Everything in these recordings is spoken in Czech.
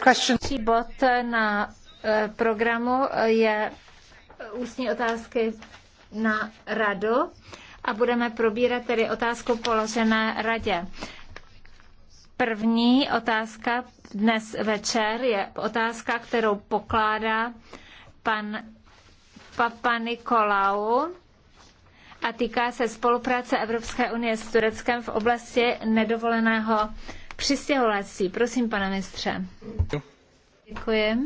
Další bod na eh, programu je ústní otázky na radu a budeme probírat tedy otázku položené radě. První otázka dnes večer je otázka, kterou pokládá pan Papa Nikolau a týká se spolupráce Evropské unie s Tureckem v oblasti nedovoleného přistěhovalectví. Prosím, pane mistře. Děkuji.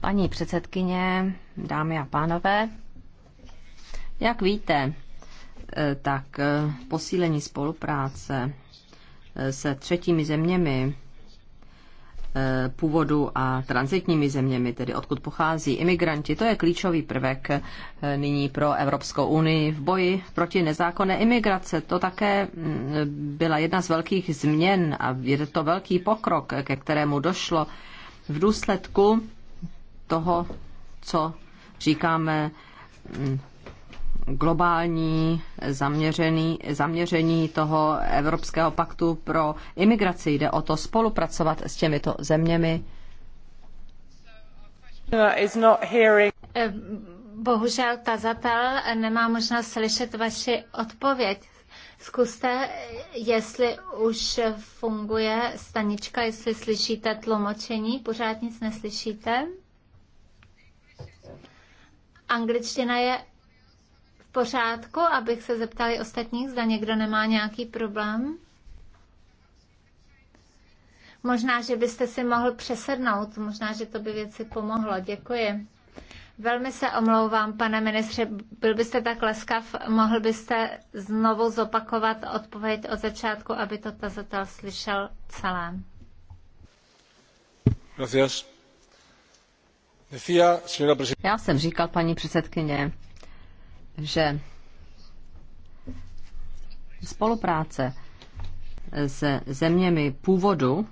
Paní předsedkyně, dámy a pánové, jak víte, eh, tak eh, posílení spolupráce eh, se třetími zeměmi Eh, původu a transitními zeměmi, tedy odkud pochází imigranti. To je klíčový prvek eh, nyní pro Evropskou unii v boji proti nezákonné imigrace. To také mm, byla jedna z velkých změn a je to velký pokrok, ke kterému došlo v důsledku toho, co říkáme mm, globální zaměřený, zaměření toho Evropského paktu pro imigraci. Jde o to spolupracovat s těmito zeměmi. Eh, bohužel tazatel nemá možnost slyšet vaši odpověď. Zkuste, jestli už funguje stanička, jestli slyšíte tlumočení, pořád nic neslyšíte. Angličtina je pořádku, abych se zeptali ostatních, zda někdo nemá nějaký problém? Možná, že byste si mohl přesednout, možná, že to by věci pomohlo. Děkuji. Velmi se omlouvám, pane ministře, byl byste tak leskav, mohl byste znovu zopakovat odpověď od začátku, aby to tazatel slyšel celé. Já jsem říkal, paní předsedkyně, že spolupráce se zeměmi původu,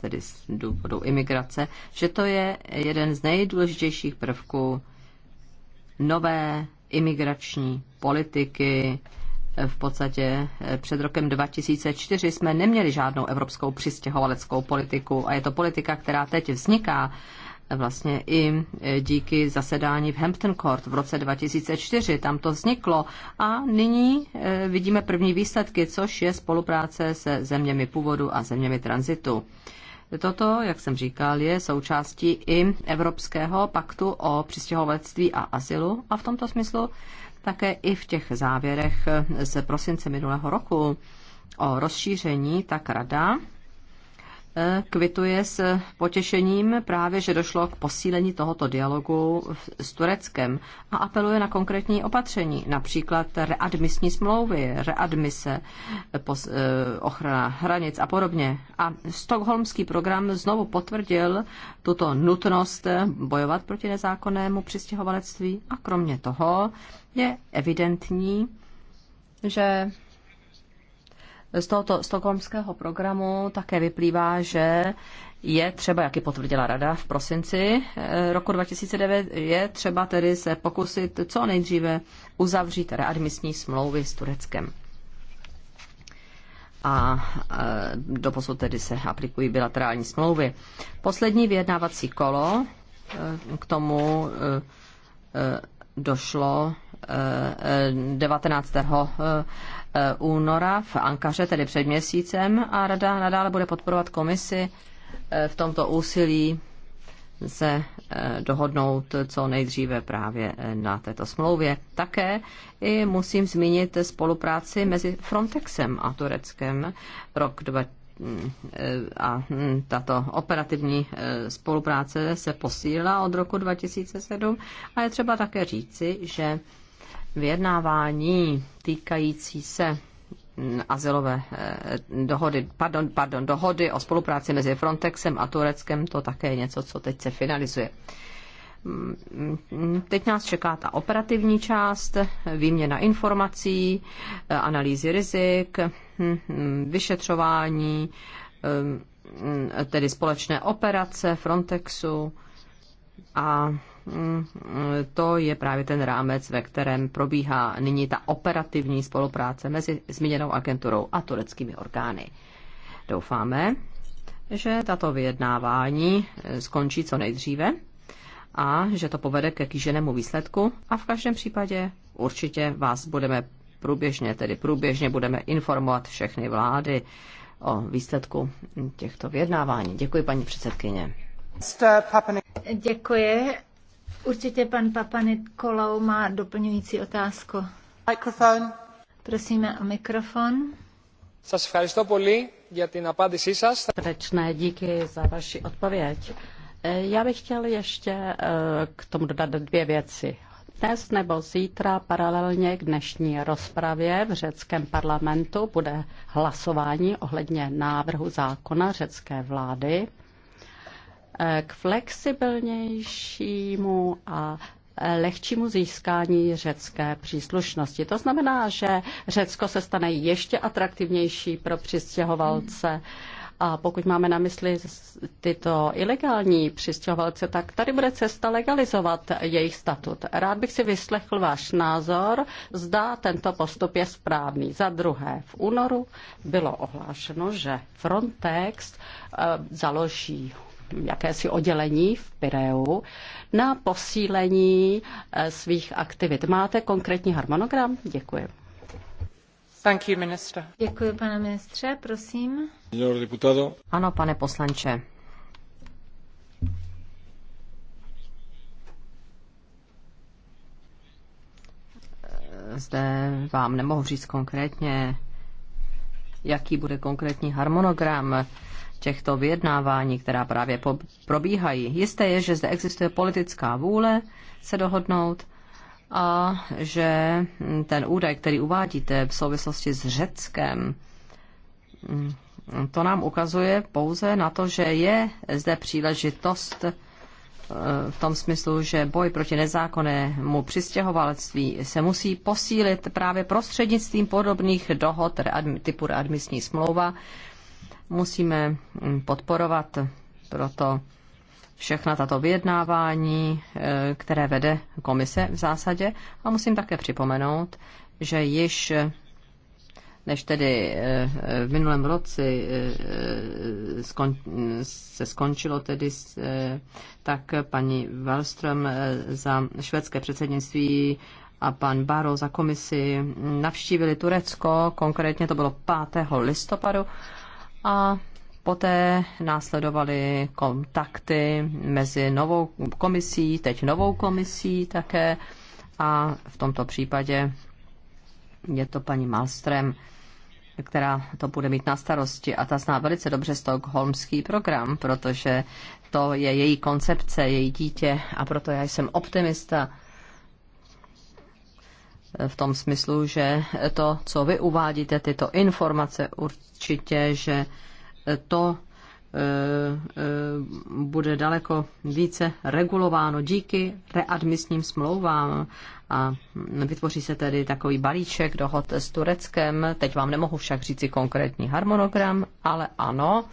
tedy z důvodu imigrace, že to je jeden z nejdůležitějších prvků nové imigrační politiky. V podstatě před rokem 2004 jsme neměli žádnou evropskou přistěhovaleckou politiku a je to politika, která teď vzniká vlastně i e, díky zasedání v Hampton Court v roce 2004. Tam to vzniklo a nyní e, vidíme první výsledky, což je spolupráce se zeměmi původu a zeměmi tranzitu. Toto, jak jsem říkal, je součástí i Evropského paktu o přistěhovalectví a asilu a v tomto smyslu také i v těch závěrech z prosince minulého roku o rozšíření, tak rada kvituje s potěšením právě, že došlo k posílení tohoto dialogu s Tureckem a apeluje na konkrétní opatření, například readmisní smlouvy, readmise, eh, ochrana hranic a podobně. A stokholmský program znovu potvrdil tuto nutnost bojovat proti nezákonnému přistěhovalectví a kromě toho je evidentní, že z tohoto stokholmského programu také vyplývá, že je třeba, jak i potvrdila rada v prosinci eh, roku 2009, je třeba tedy se pokusit co nejdříve uzavřít readmisní smlouvy s Tureckem. A eh, doposud tedy se aplikují bilaterální smlouvy. Poslední vyjednávací kolo eh, k tomu došlo 19. Eh, února v Ankaře, tedy před měsícem, a Rada nadále bude podporovat komisi eh, v tomto úsilí se eh, dohodnout co nejdříve právě na této smlouvě. Také i musím zmínit spolupráci mezi Frontexem a Tureckem rok dva mm, a hm, tato operativní spolupráce se posílila od roku 2007 a je třeba také říci, že vyjednávání týkající se azylové eh, dohody, pardon, pardon, dohody o spolupráci mezi Frontexem a Tureckem, to také je něco, co teď se finalizuje. Mm, teď nás čeká ta operativní část, výměna informací, eh, analýzy rizik, hm, vyšetřování, eh, hm, tedy společné operace Frontexu a Mm, to je právě ten rámec, ve kterém probíhá nyní ta operativní spolupráce mezi zmíněnou agenturou a tureckými orgány. Doufáme, že tato vyjednávání eh, skončí co nejdříve a že to povede ke kýženému výsledku a v každém případě určitě vás budeme průběžně, tedy průběžně budeme informovat všechny vlády o výsledku těchto vyjednávání. Děkuji, paní předsedkyně. Děkuji. Určitě pan Papanit Kolou má doplňující otázku. Mikrofon. Prosíme o mikrofon. Σας ευχαριστώ πολύ για την απάντησή σας. Srdečné díky za vaši odpověď. E, já bych chtěl ještě e, k tomu dodat dvě věci. Dnes nebo zítra paralelně k dnešní rozpravě v řeckém parlamentu bude hlasování ohledně návrhu zákona řecké vlády Eh, k flexibilnějšímu a eh, lehčímu získání řecké příslušnosti. To znamená, že Řecko se stane ještě atraktivnější pro přistěhovalce. A pokud máme na mysli tyto ilegální přistěhovalce, tak tady bude cesta legalizovat jejich statut. Rád bych si vyslechl váš názor, zda tento postup je správný. Za druhé, v únoru bylo ohlášeno, že Frontex eh, založí jakési oddělení v Pireu na posílení eh, svých aktivit. Máte konkrétní harmonogram? Děkuji. Thank you, minister. Děkuji, pane ministře. Prosím. Ano, pane poslanče. Zde vám nemohu říct konkrétně, jaký bude konkrétní harmonogram těchto vyjednávání, která právě probíhají. Jisté je, že zde existuje politická vůle se dohodnout a že ten údaj, který uvádíte v souvislosti s Řeckem, to nám ukazuje pouze na to, že je zde příležitost eh, v tom smyslu, že boj proti nezákonnému přistěhovalectví se musí posílit právě prostřednictvím podobných dohod typu readmisní smlouva, Musíme mm, podporovat proto všechna tato vyjednávání, eh, které vede komise v zásadě. A musím také připomenout, že již eh, než tedy eh, v minulém roci se skončilo tedy, tak paní Wallström za švédské předsednictví a pan Baro za komisi navštívili Turecko, konkrétně to bylo 5. listopadu a Poté následovaly kontakty mezi novou komisí, teď novou komisí také a v tomto případě je to paní Malstrem, která to bude mít na starosti a ta zná velice dobře stokholmský program, protože to je její koncepce, její dítě a proto já jsem optimista v tom smyslu, že to, co vy uvádíte, tyto informace určitě, že to e, e, bude daleko více regulováno díky readmisním smlouvám a vytvoří se tedy takový balíček dohod s Tureckem. Teď vám nemohu však říci konkrétní harmonogram, ale ano,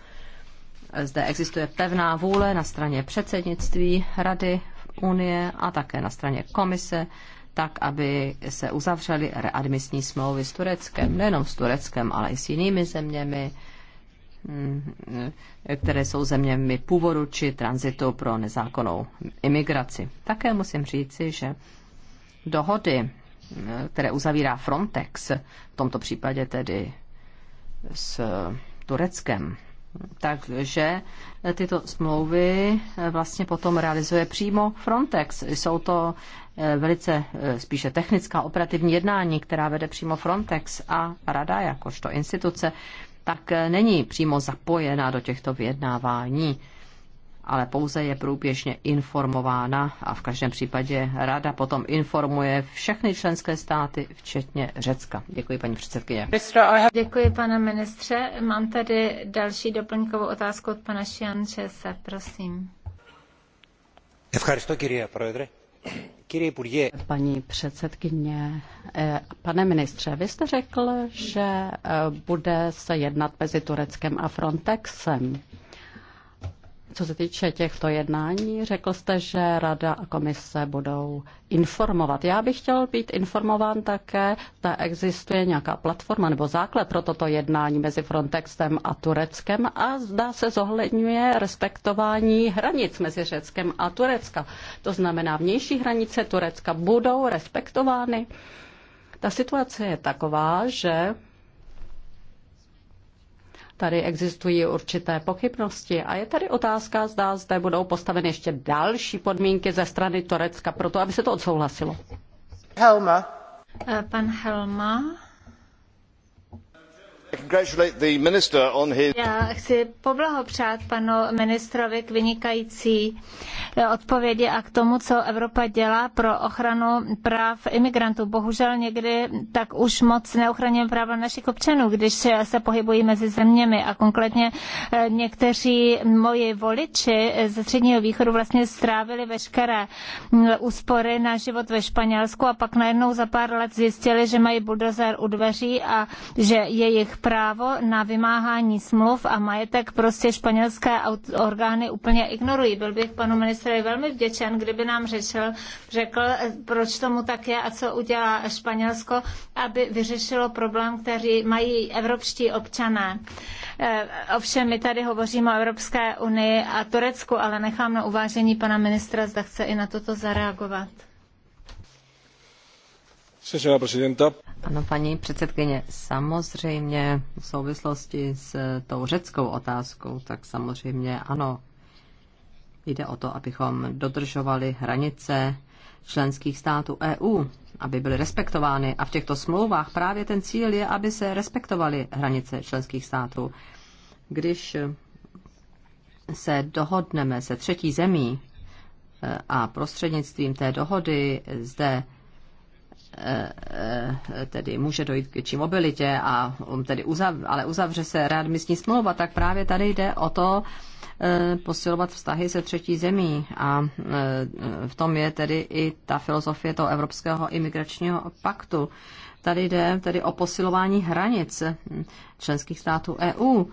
zde existuje pevná vůle na straně předsednictví Rady Unie a také na straně komise tak, aby se uzavřely readmisní smlouvy s Tureckem, nejenom s Tureckem, ale i s jinými zeměmi, mm, které jsou zeměmi původu či tranzitu pro nezákonnou imigraci. Také musím říci, že dohody, které uzavírá Frontex, v tomto případě tedy s Tureckem, takže tyto smlouvy vlastně potom realizuje přímo Frontex. Jsou to Eh, velice eh, spíše technická operativní jednání, která vede přímo Frontex a Rada jakožto instituce, tak eh, není přímo zapojená do těchto vyjednávání, ale pouze je průběžně informována a v každém případě Rada potom informuje všechny členské státy, včetně Řecka. Děkuji, paní předsedkyně. Děkuji, pane ministře. Mám tady další doplňkovou otázku od pana se, prosím. Paní předsedkyně, eh, pane ministře, vy jste řekl, že eh, bude se jednat mezi Tureckem a Frontexem. Co se týče těchto jednání, řekl jste, že Rada a komise budou informovat. Já bych chtěl být informován také, zda existuje nějaká platforma nebo základ pro toto jednání mezi Frontexem a Tureckem a zda se zohledňuje respektování hranic mezi Řeckem a Turecka. To znamená, vnější hranice Turecka budou respektovány. Ta situace je taková, že Tady existují určité pochybnosti a je tady otázka, zda zde budou postaveny ještě další podmínky ze strany Turecka pro to, aby se to odsouhlasilo. Helma. Eh, pan Helma. Já chci poblahopřát panu ministrovi k vynikající eh, odpovědi a k tomu, co Evropa dělá pro ochranu práv imigrantů. Bohužel někdy tak už moc neochraňujeme práva našich občanů, když se pohybují mezi zeměmi a konkrétně eh, někteří moji voliči ze Středního východu vlastně strávili veškeré hm, úspory na život ve Španělsku a pak najednou za pár let zjistili, že mají buldozer u dveří a že jejich právo na vymáhání smluv a majetek prostě španělské orgány úplně ignorují. Byl bych panu ministrovi velmi vděčen, kdyby nám řešil, řekl, eh, proč tomu tak je a co udělá Španělsko, aby vyřešilo problém, který mají evropští občané. Eh, ovšem, my tady hovoříme o Evropské unii a Turecku, ale nechám na uvážení pana ministra, zda chce i na toto zareagovat. Sí, señora presidenta. Ano, paní předsedkyně, samozřejmě v souvislosti s tou řeckou otázkou, tak samozřejmě ano, jde o to, abychom dodržovali hranice členských států EU, aby byly respektovány. A v těchto smlouvách právě ten cíl je, aby se respektovaly hranice členských států. Když se dohodneme se třetí zemí e, a prostřednictvím té dohody zde Eh, eh, tedy může dojít k větší mobilitě, a um, tedy uzav, ale uzavře se readmisní smlouva, tak právě tady jde o to eh, posilovat vztahy se třetí zemí. A v tom je tedy i ta filozofie toho Evropského imigračního paktu. Tady jde tedy o posilování hranic členských států EU.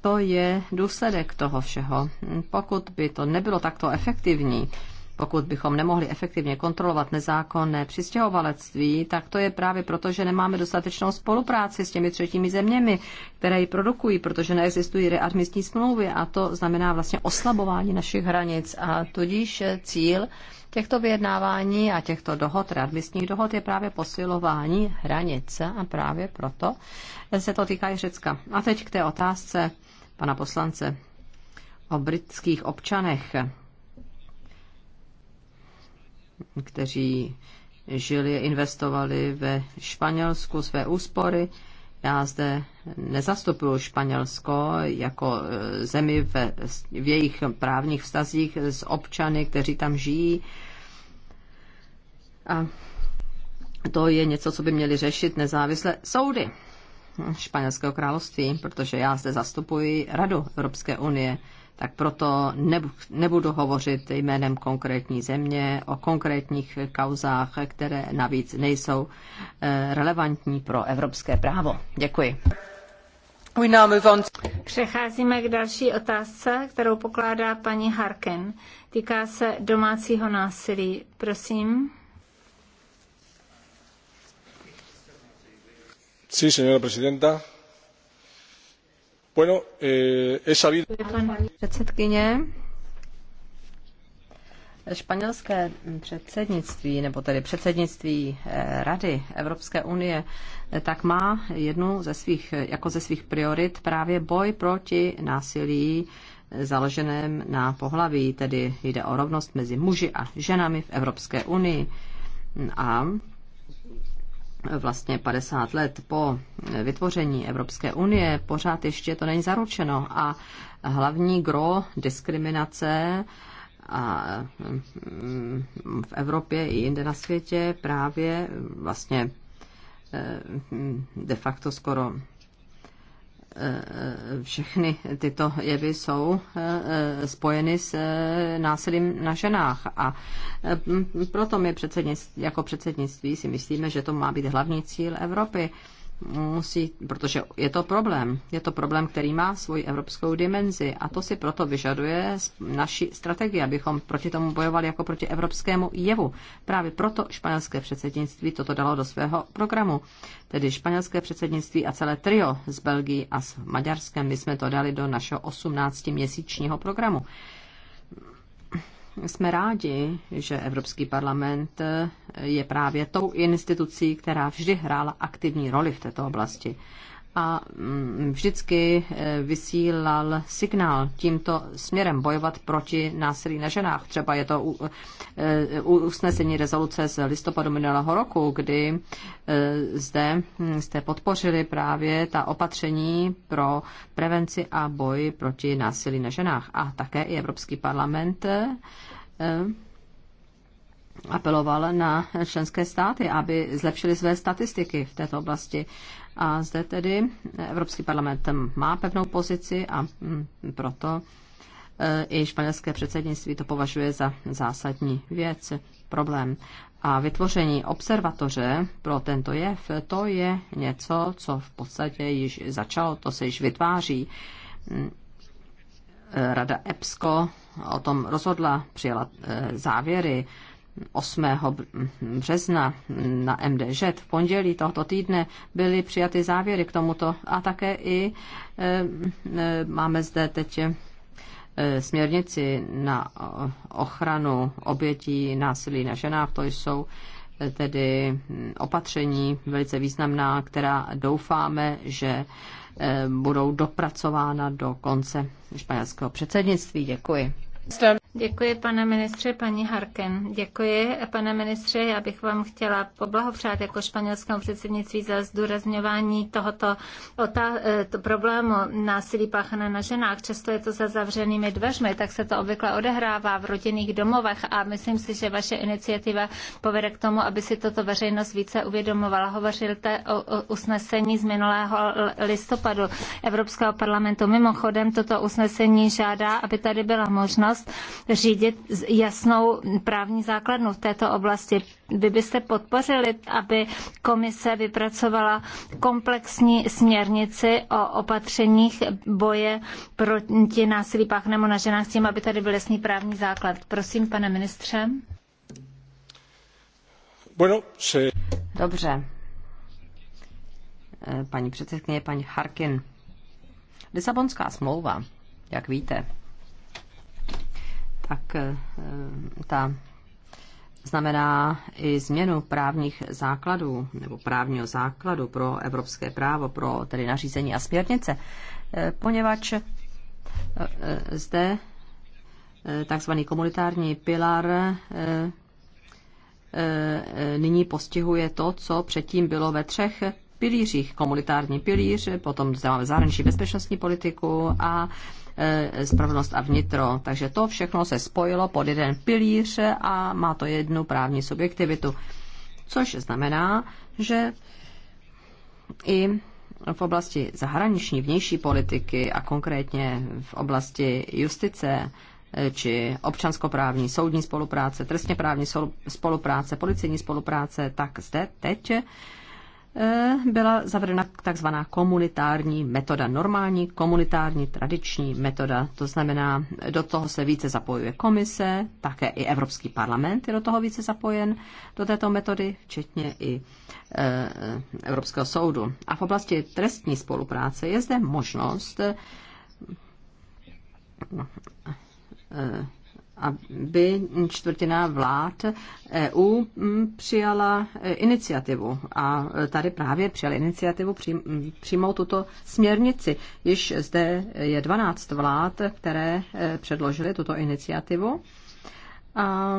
To je důsledek toho všeho. Pokud by to nebylo takto efektivní, pokud bychom nemohli efektivně kontrolovat nezákonné přistěhovalectví, tak to je právě proto, že nemáme dostatečnou spolupráci s těmi třetími zeměmi, které ji produkují, protože neexistují readmisní smlouvy a to znamená vlastně oslabování našich hranic a tudíž cíl těchto vyjednávání a těchto dohod, readmisních dohod, je právě posilování hranice a právě proto se to týká i Řecka. A teď k té otázce pana poslance o britských občanech kteří žili, investovali ve Španělsku své úspory. Já zde nezastupuju Španělsko jako e, zemi ve, v jejich právních vztazích s občany, kteří tam žijí. A to je něco, co by měli řešit nezávisle soudy Španělského království, protože já zde zastupuji Radu Evropské unie tak proto nebudu hovořit jménem konkrétní země o konkrétních kauzách, které navíc nejsou eh, relevantní pro evropské právo. Děkuji. Přecházíme k další otázce, kterou pokládá paní Harken. Týká se domácího násilí. Prosím. Sí, señora presidenta. Eh, paní předsedkyně, Španělské předsednictví, nebo tedy předsednictví eh, Rady Evropské unie, eh, tak má jednu ze svých, jako ze svých priorit právě boj proti násilí založeném na pohlaví, tedy jde o rovnost mezi muži a ženami v Evropské unii. A vlastně 50 let po vytvoření Evropské unie, pořád ještě to není zaručeno. A hlavní gro diskriminace a mm, v Evropě i jinde na světě právě vlastně eh, de facto skoro všechny tyto jevy jsou eh, spojeny s eh, násilím na ženách. A eh, proto my předsednictví, jako předsednictví si myslíme, že to má být hlavní cíl Evropy musí, protože je to problém. Je to problém, který má svoji evropskou dimenzi a to si proto vyžaduje naši strategii, abychom proti tomu bojovali jako proti evropskému jevu. Právě proto španělské předsednictví toto dalo do svého programu. Tedy španělské předsednictví a celé trio z Belgii a s Maďarskem, my jsme to dali do našeho 18-měsíčního programu jsme rádi, že Evropský parlament je právě tou institucí, která vždy hrála aktivní roli v této oblasti a mm, vždycky eh, vysílal signál tímto směrem bojovat proti násilí na ženách. Třeba je to eh, usnesení rezoluce z listopadu minulého roku, kdy eh, zde hm, jste podpořili právě ta opatření pro prevenci a boj proti násilí na ženách. A také i Evropský parlament apeloval na členské státy, aby zlepšili své statistiky v této oblasti. A zde tedy Evropský parlament má pevnou pozici a mm, proto e, i španělské předsednictví to považuje za zásadní věc, problém. A vytvoření observatoře pro tento jev, to je něco, co v podstatě již začalo, to se již vytváří. Mm, e, Rada EPSCO o tom rozhodla, přijala e, závěry 8. března na MDŽ v pondělí tohoto týdne byly přijaty závěry k tomuto a také i eh, eh, máme zde teď eh, směrnici na ochranu obětí násilí na ženách. To jsou tedy hm, opatření velice významná, která doufáme, že budou dopracována do konce španělského předsednictví. Děkuji. Děkuji, pane ministře, paní Harken. Děkuji, pane ministře. Já bych vám chtěla poblahopřát jako španělskému předsednictví za zdůrazňování tohoto eh, to problému násilí páchané na ženách. Často je to za zavřenými dveřmi, tak se to obvykle odehrává v rodinných domovech a myslím si, že vaše iniciativa povede k tomu, aby si toto veřejnost více uvědomovala. Hovořilte o, o usnesení z minulého listopadu Evropského parlamentu. Mimochodem, toto usnesení žádá, aby tady byla možnost povinnost řídit jasnou právní základnu v této oblasti. Vy byste podpořili, aby komise vypracovala komplexní směrnici o opatřeních boje proti násilí páchnému na ženách s tím, aby tady byl jasný právní základ. Prosím, pane ministře. Dobře. Eh, paní předsedkyně, paní Harkin. Lisabonská smlouva, jak víte, tak eh, ta znamená i změnu právních základů nebo právního základu pro evropské právo, pro tedy nařízení a směrnice, eh, poněvadž eh, zde takzvaný komunitární pilar nyní postihuje to, co předtím bylo ve třech pilířích. Komunitární pilíř, potom zde máme zahraniční bezpečnostní politiku a Eh, spravedlnost a vnitro. Takže to všechno se spojilo pod jeden pilíř a má to jednu právní subjektivitu. Což znamená, že i v oblasti zahraniční vnější politiky a konkrétně v oblasti justice eh, či občanskoprávní soudní spolupráce, trestněprávní spolupráce, policejní spolupráce, tak zde teď Eh, byla zavedena takzvaná komunitární metoda, normální komunitární tradiční metoda. To znamená, do toho se více zapojuje komise, také i Evropský parlament je do toho více zapojen, do této metody, včetně i e, Evropského soudu. A v oblasti trestní spolupráce je zde možnost e, aby čtvrtina vlád EU mm, přijala e, iniciativu. A e, tady právě přijala iniciativu mm, přijmout tuto směrnici. Již zde je 12 vlád, které e, předložily tuto iniciativu. A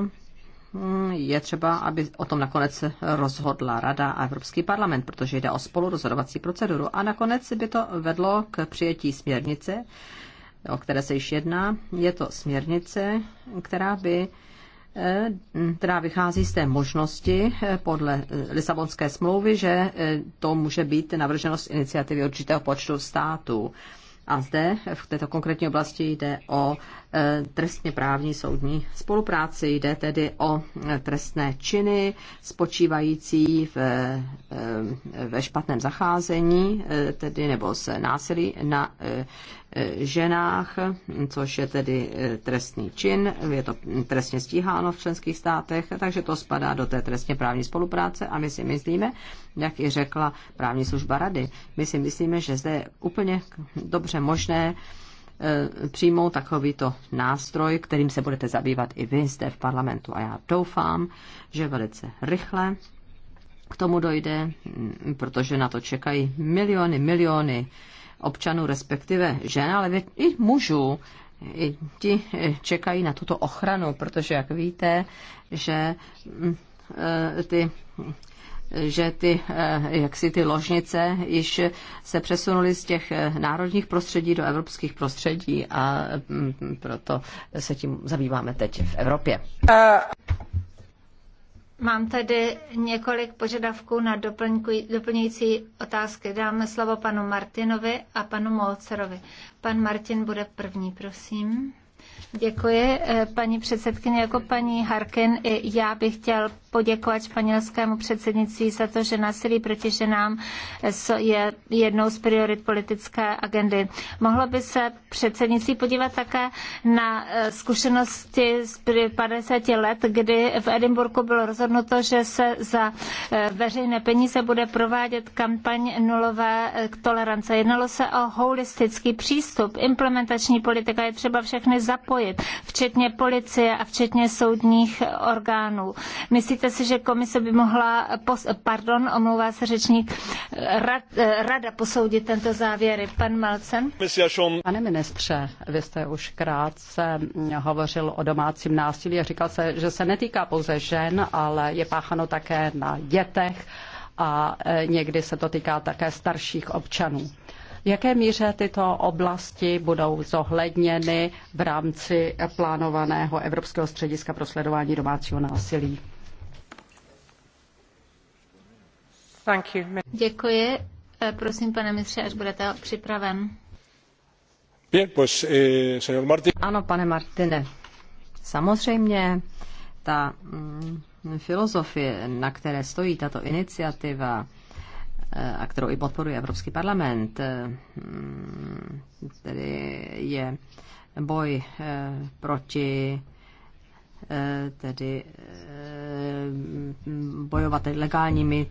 mm, je třeba, aby o tom nakonec rozhodla Rada a Evropský parlament, protože jde o spolurozhodovací proceduru. A nakonec by to vedlo k přijetí směrnice, o které se již jedná. Je to směrnice, která by eh, která vychází z té možnosti eh, podle eh, Lisabonské smlouvy, že to může být navrženo z iniciativy určitého počtu států. A zde v této konkrétní oblasti jde o Eh, trestně právní soudní spolupráci. Jde tedy o eh, trestné činy spočívající v, eh, ve špatném zacházení, tedy nebo se násilí na ženách, což je tedy trestný čin, je to trestně stíháno v členských státech, takže to spadá do té trestně právní spolupráce a my si myslíme, jak i řekla právní služba rady, my si myslíme, že zde je úplně dobře možné Eh, přijmout takovýto nástroj, kterým se budete zabývat i vy zde v parlamentu. A já doufám, že velice rychle k tomu dojde, mm, protože na to čekají miliony, miliony občanů, respektive žen, ale i mužů, i ti eh, čekají na tuto ochranu, protože jak víte, že mm, eh, ty že ty, eh, jak si ty ložnice již se přesunuly z těch eh, národních prostředí do evropských prostředí a mm, proto se tím zabýváme teď v Evropě. Mám tedy několik požadavků na doplňující otázky. Dáme slovo panu Martinovi a panu Molcerovi. Pan Martin bude první, prosím. Děkuji, eh, paní předsedkyně. Jako paní Harkin, i já bych chtěl poděkovat španělskému předsednictví za to, že násilí proti ženám je jednou z priorit politické agendy. Mohlo by se předsednictví podívat také na e, zkušenosti z 50 let, kdy v Edinburgu bylo rozhodnuto, že se za e, veřejné peníze bude provádět kampaň nulové e, tolerance. Jednalo se o holistický přístup. Implementační politika je třeba všechny zapojit, včetně policie a včetně soudních orgánů. Myslíte Myslíte si, že komise by mohla, pardon, omlouvá se řečník, rad, eh, rada posoudit tento závěry? Pan Malcen? Pane ministře, vy jste už krátce hovořil o domácím násilí a říkal se, že se netýká pouze žen, ale je páchano také na dětech a eh, někdy se to týká také starších občanů. V jaké míře tyto oblasti budou zohledněny v rámci plánovaného Evropského střediska pro sledování domácího násilí? Děkuji. Eh, prosím, pane ministře, až budete připraven. Eh, ano, pane Martine, samozřejmě ta mm, filozofie, na které stojí tato iniciativa, eh, a kterou i podporuje Evropský parlament, mm, tedy je boj proti tedy Eh, bojovat legálními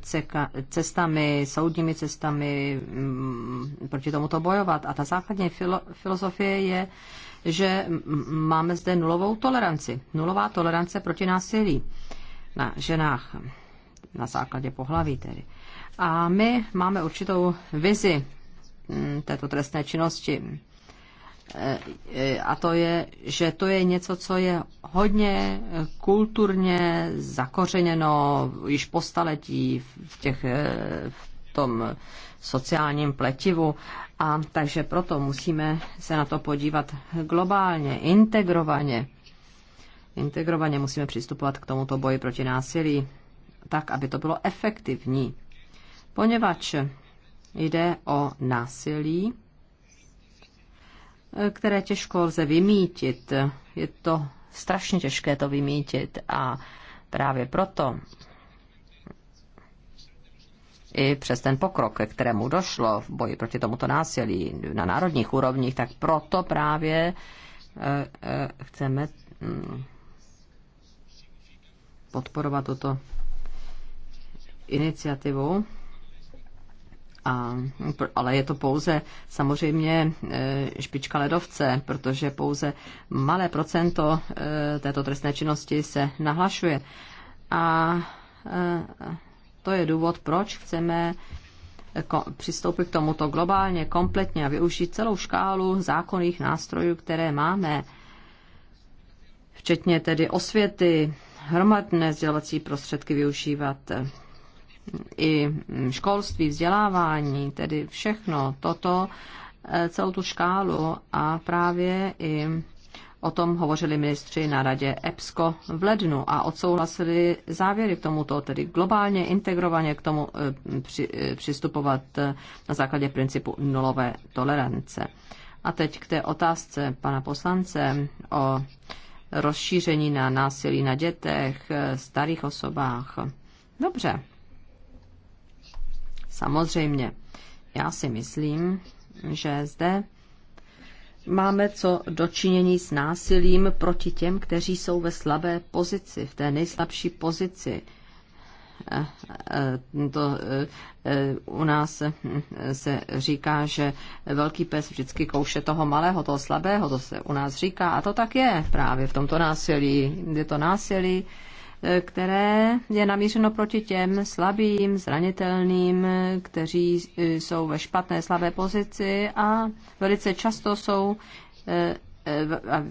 cestami, soudními cestami, mm, proti tomuto bojovat. A ta základní filo, filozofie je, že máme zde nulovou toleranci. Nulová tolerance proti násilí na ženách, na základě pohlaví tedy. A my máme určitou vizi mm, této trestné činnosti a to je, že to je něco, co je hodně kulturně zakořeněno již po staletí v, těch, eh, v tom sociálním pletivu. A takže proto musíme se na to podívat globálně, integrovaně. Integrovaně musíme přistupovat k tomuto boji proti násilí, tak, aby to bylo efektivní. Poněvadž jde o násilí, které těžko lze vymítit. Je to strašně těžké to vymítit a právě proto i přes ten pokrok, ke kterému došlo v boji proti tomuto násilí na národních úrovních, tak proto právě eh, eh, chceme mm, podporovat tuto iniciativu a, ale je to pouze samozřejmě e, špička ledovce, protože pouze malé procento e, této trestné činnosti se nahlašuje. A e, to je důvod, proč chceme přistoupit k tomuto globálně, kompletně a využít celou škálu zákonných nástrojů, které máme, včetně tedy osvěty, hromadné sdělovací prostředky využívat, i školství, vzdělávání, tedy všechno toto, eh, celou tu škálu a právě i o tom hovořili ministři na radě EPSCO v lednu a odsouhlasili závěry k tomuto, tedy globálně integrovaně k tomu eh, při, eh, přistupovat na základě principu nulové tolerance. A teď k té otázce pana poslance o rozšíření na násilí na dětech, starých osobách. Dobře, Samozřejmě, já si myslím, že zde máme co dočinění s násilím proti těm, kteří jsou ve slabé pozici, v té nejslabší pozici. Eh, eh, to eh, u nás se říká, že velký pes vždycky kouše toho malého, toho slabého, to se u nás říká a to tak je právě v tomto násilí. Je to násilí, které je namířeno proti těm slabým, zranitelným, kteří e, jsou ve špatné, slabé pozici a velice často jsou e,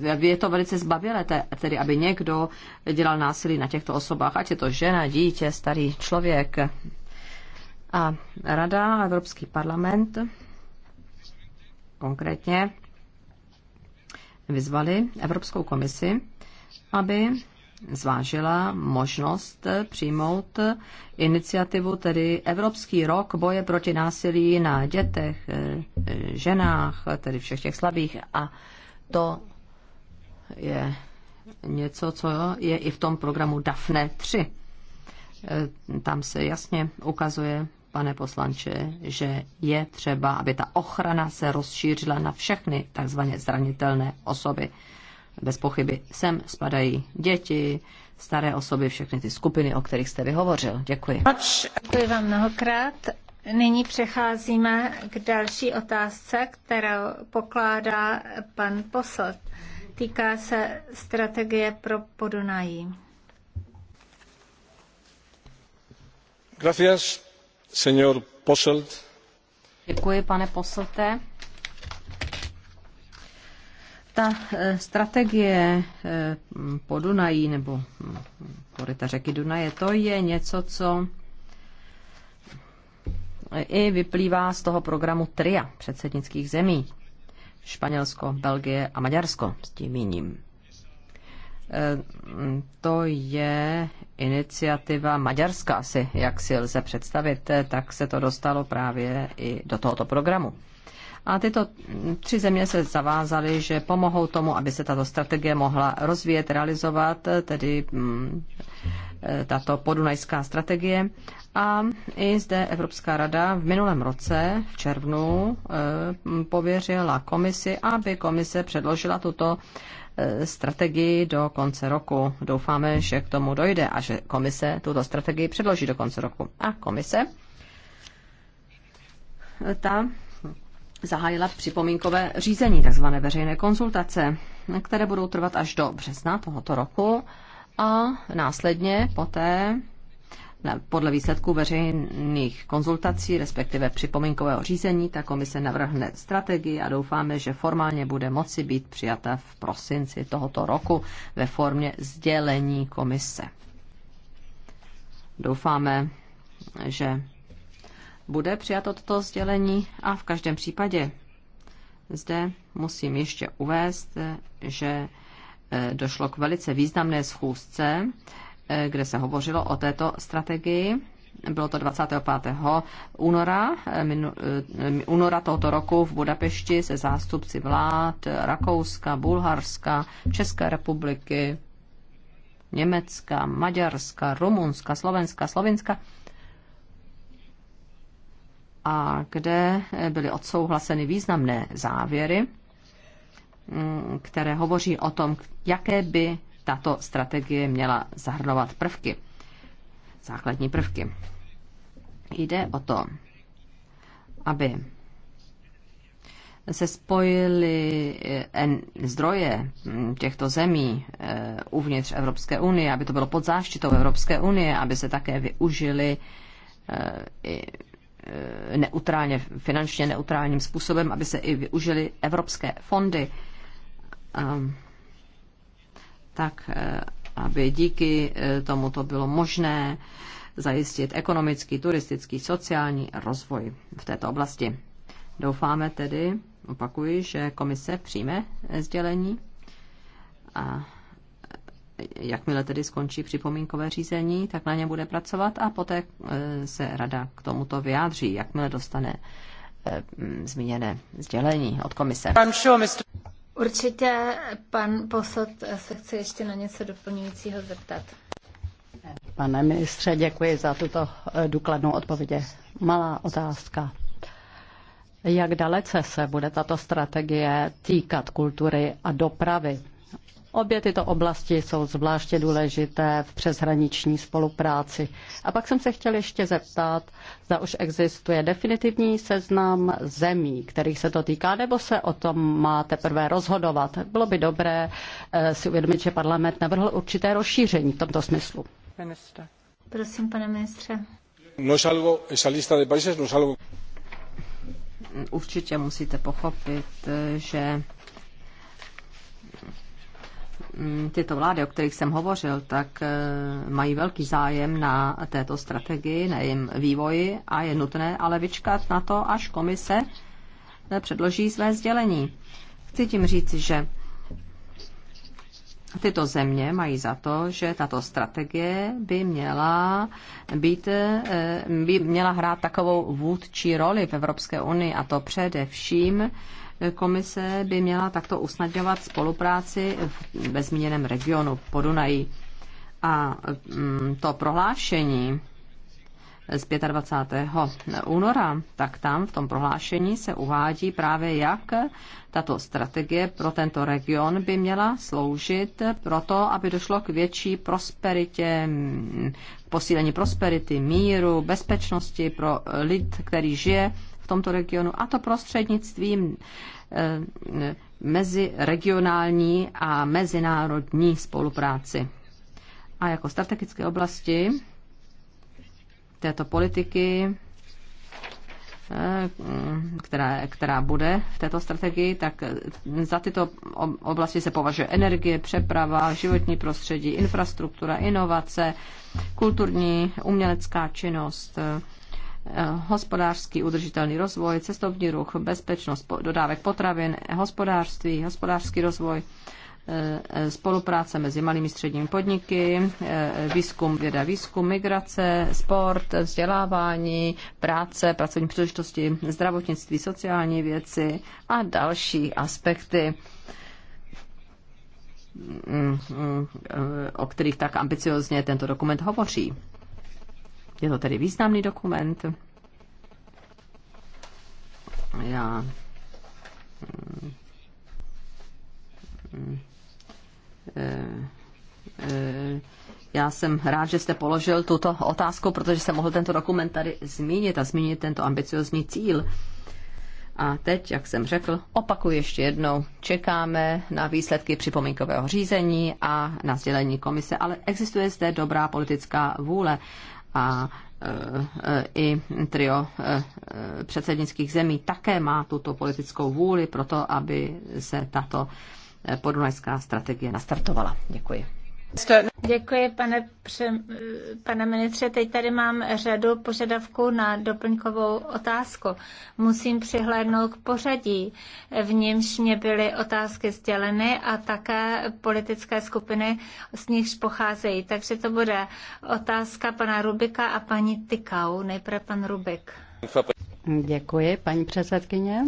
e, je to velice zbavilé, tedy aby někdo dělal násilí na těchto osobách, ať je to žena, dítě, starý člověk. A Rada, Evropský parlament konkrétně vyzvali Evropskou komisi, aby zvážila možnost přijmout iniciativu, tedy Evropský rok boje proti násilí na dětech, ženách, tedy všech těch slabých. A to je něco, co je i v tom programu DAFNE 3. Tam se jasně ukazuje, pane poslanče, že je třeba, aby ta ochrana se rozšířila na všechny takzvaně zranitelné osoby. Bez pochyby sem spadají děti, staré osoby, všechny ty skupiny, o kterých jste vyhovořil. Děkuji. Děkuji vám mnohokrát. Nyní přecházíme k další otázce, kterou pokládá pan posl. Týká se strategie pro Podunají. Gracias, señor Posselt. Děkuji, pane Posselte. Ta eh, strategie eh, po Dunají nebo hm, koryta řeky Dunaje, to je něco, co i vyplývá z toho programu TRIA předsednických zemí. Španělsko, Belgie a Maďarsko s tím jiním. Eh, hm, to je iniciativa Maďarska asi, jak si lze představit, tak se to dostalo právě i do tohoto programu. A tyto tři země se zavázaly, že pomohou tomu, aby se tato strategie mohla rozvíjet, realizovat, tedy mm, eh, tato podunajská strategie. A i zde Evropská rada v minulém roce, v červnu, eh, pověřila komisi, aby komise předložila tuto eh, strategii do konce roku. Doufáme, že k tomu dojde a že komise tuto strategii předloží do konce roku. A komise ta zahájila připomínkové řízení, takzvané veřejné konzultace, které budou trvat až do března tohoto roku a následně poté podle výsledků veřejných konzultací, respektive připomínkového řízení, ta komise navrhne strategii a doufáme, že formálně bude moci být přijata v prosinci tohoto roku ve formě sdělení komise. Doufáme, že bude přijato toto sdělení a v každém případě zde musím ještě uvést, že e, došlo k velice významné schůzce, e, kde se hovořilo o této strategii. Bylo to 25. února, e, minu, února tohoto roku v Budapešti se zástupci vlád Rakouska, Bulharska, České republiky, Německa, Maďarska, Rumunska, Slovenska, Slovinska. Slovinska a kde byly odsouhlaseny významné závěry, mm, které hovoří o tom, jaké by tato strategie měla zahrnovat prvky, základní prvky. Jde o to, aby se spojily eh, zdroje mm, těchto zemí eh, uvnitř Evropské unie, aby to bylo pod záštitou Evropské unie, aby se také využili eh, Eh, neutrálně, finančně neutrálním způsobem, aby se i využily evropské fondy, ehm, tak eh, aby díky eh, tomu to bylo možné zajistit ekonomický, turistický, sociální rozvoj v této oblasti. Doufáme tedy, opakuji, že komise přijme sdělení a jakmile tedy skončí připomínkové řízení, tak na ně bude pracovat a poté e, se rada k tomuto vyjádří, jakmile dostane e, zmíněné sdělení od komise. Určitě pan posad se chce ještě na něco doplňujícího zeptat. Pane ministře, děkuji za tuto e, důkladnou odpověď. Malá otázka. Jak dalece se bude tato strategie týkat kultury a dopravy? Obě tyto oblasti jsou zvláště důležité v přeshraniční spolupráci. A pak jsem se chtěl ještě zeptat, zda už existuje definitivní seznam zemí, kterých se to týká, nebo se o tom má teprve rozhodovat. Bylo by dobré eh, si uvědomit, že parlament navrhl určité rozšíření v tomto smyslu. Minister. Prosím, pane ministře. No salvo, esa lista de países no salvo. Určitě musíte pochopit, eh, že Mm, tyto vlády, o kterých jsem hovořil, tak eh, mají velký zájem na této strategii, na jejím vývoji a je nutné ale vyčkat na to, až komise eh, předloží své sdělení. Chci tím říct, že Tyto země mají za to, že tato strategie by měla, být, eh, by měla hrát takovou vůdčí roli v Evropské unii, a to především komise by měla takto usnadňovat spolupráci ve zmíněném regionu Podunají. A mm, to prohlášení z 25. února, tak tam v tom prohlášení se uvádí právě, jak tato strategie pro tento region by měla sloužit pro to, aby došlo k větší prosperitě, mm, posílení prosperity, míru, bezpečnosti pro lid, který žije v tomto regionu, a to prostřednictvím eh, meziregionální a mezinárodní spolupráci. A jako strategické oblasti této politiky, eh, která, která bude v této strategii, tak eh, za tyto oblasti se považuje energie, přeprava, životní prostředí, infrastruktura, inovace, kulturní, umělecká činnost, Eh, hospodářský udržitelný rozvoj, cestovní ruch, bezpečnost dodávek potravin, hospodářství, hospodářský rozvoj, eh, eh, spolupráce mezi malými středními podniky, výzkum, věda, výzkum, migrace, sport, vzdělávání, práce, pracovní příležitosti, zdravotnictví, sociální věci a další aspekty mm, mm, o kterých tak ambiciozně tento dokument hovoří. Je to tedy významný dokument. Já eh, eh, já jsem rád, že jste položil tuto otázku, protože jsem mohl tento dokument tady zmínit a zmínit tento ambiciozní cíl. A teď, jak jsem řekl, opakuji ještě jednou, čekáme na výsledky připomínkového řízení a na sdělení komise, ale existuje zde dobrá politická vůle a e, e, i trio e, předsednických zemí také má tuto politickou vůli pro to, aby se tato podunajská strategie nastartovala. Děkuji. Děkuji, pane, pře, pane ministře. Teď tady mám řadu požadavků na doplňkovou otázku. Musím přihlédnout k pořadí, v němž mě byly otázky sděleny a také politické skupiny z nichž pocházejí. Takže to bude otázka pana Rubika a paní Tykau. Nejprve pan Rubik. Děkuji, paní předsedkyně.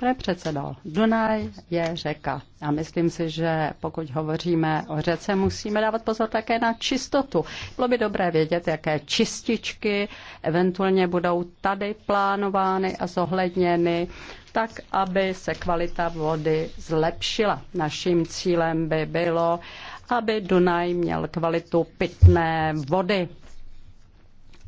Pane předsedo, Dunaj je řeka a myslím si, že pokud hovoříme o řece, musíme dávat pozor také na čistotu. Bylo by dobré vědět, jaké čističky eventuálně budou tady plánovány a zohledněny, tak aby se kvalita vody zlepšila. Naším cílem by bylo, aby Dunaj měl kvalitu pitné vody.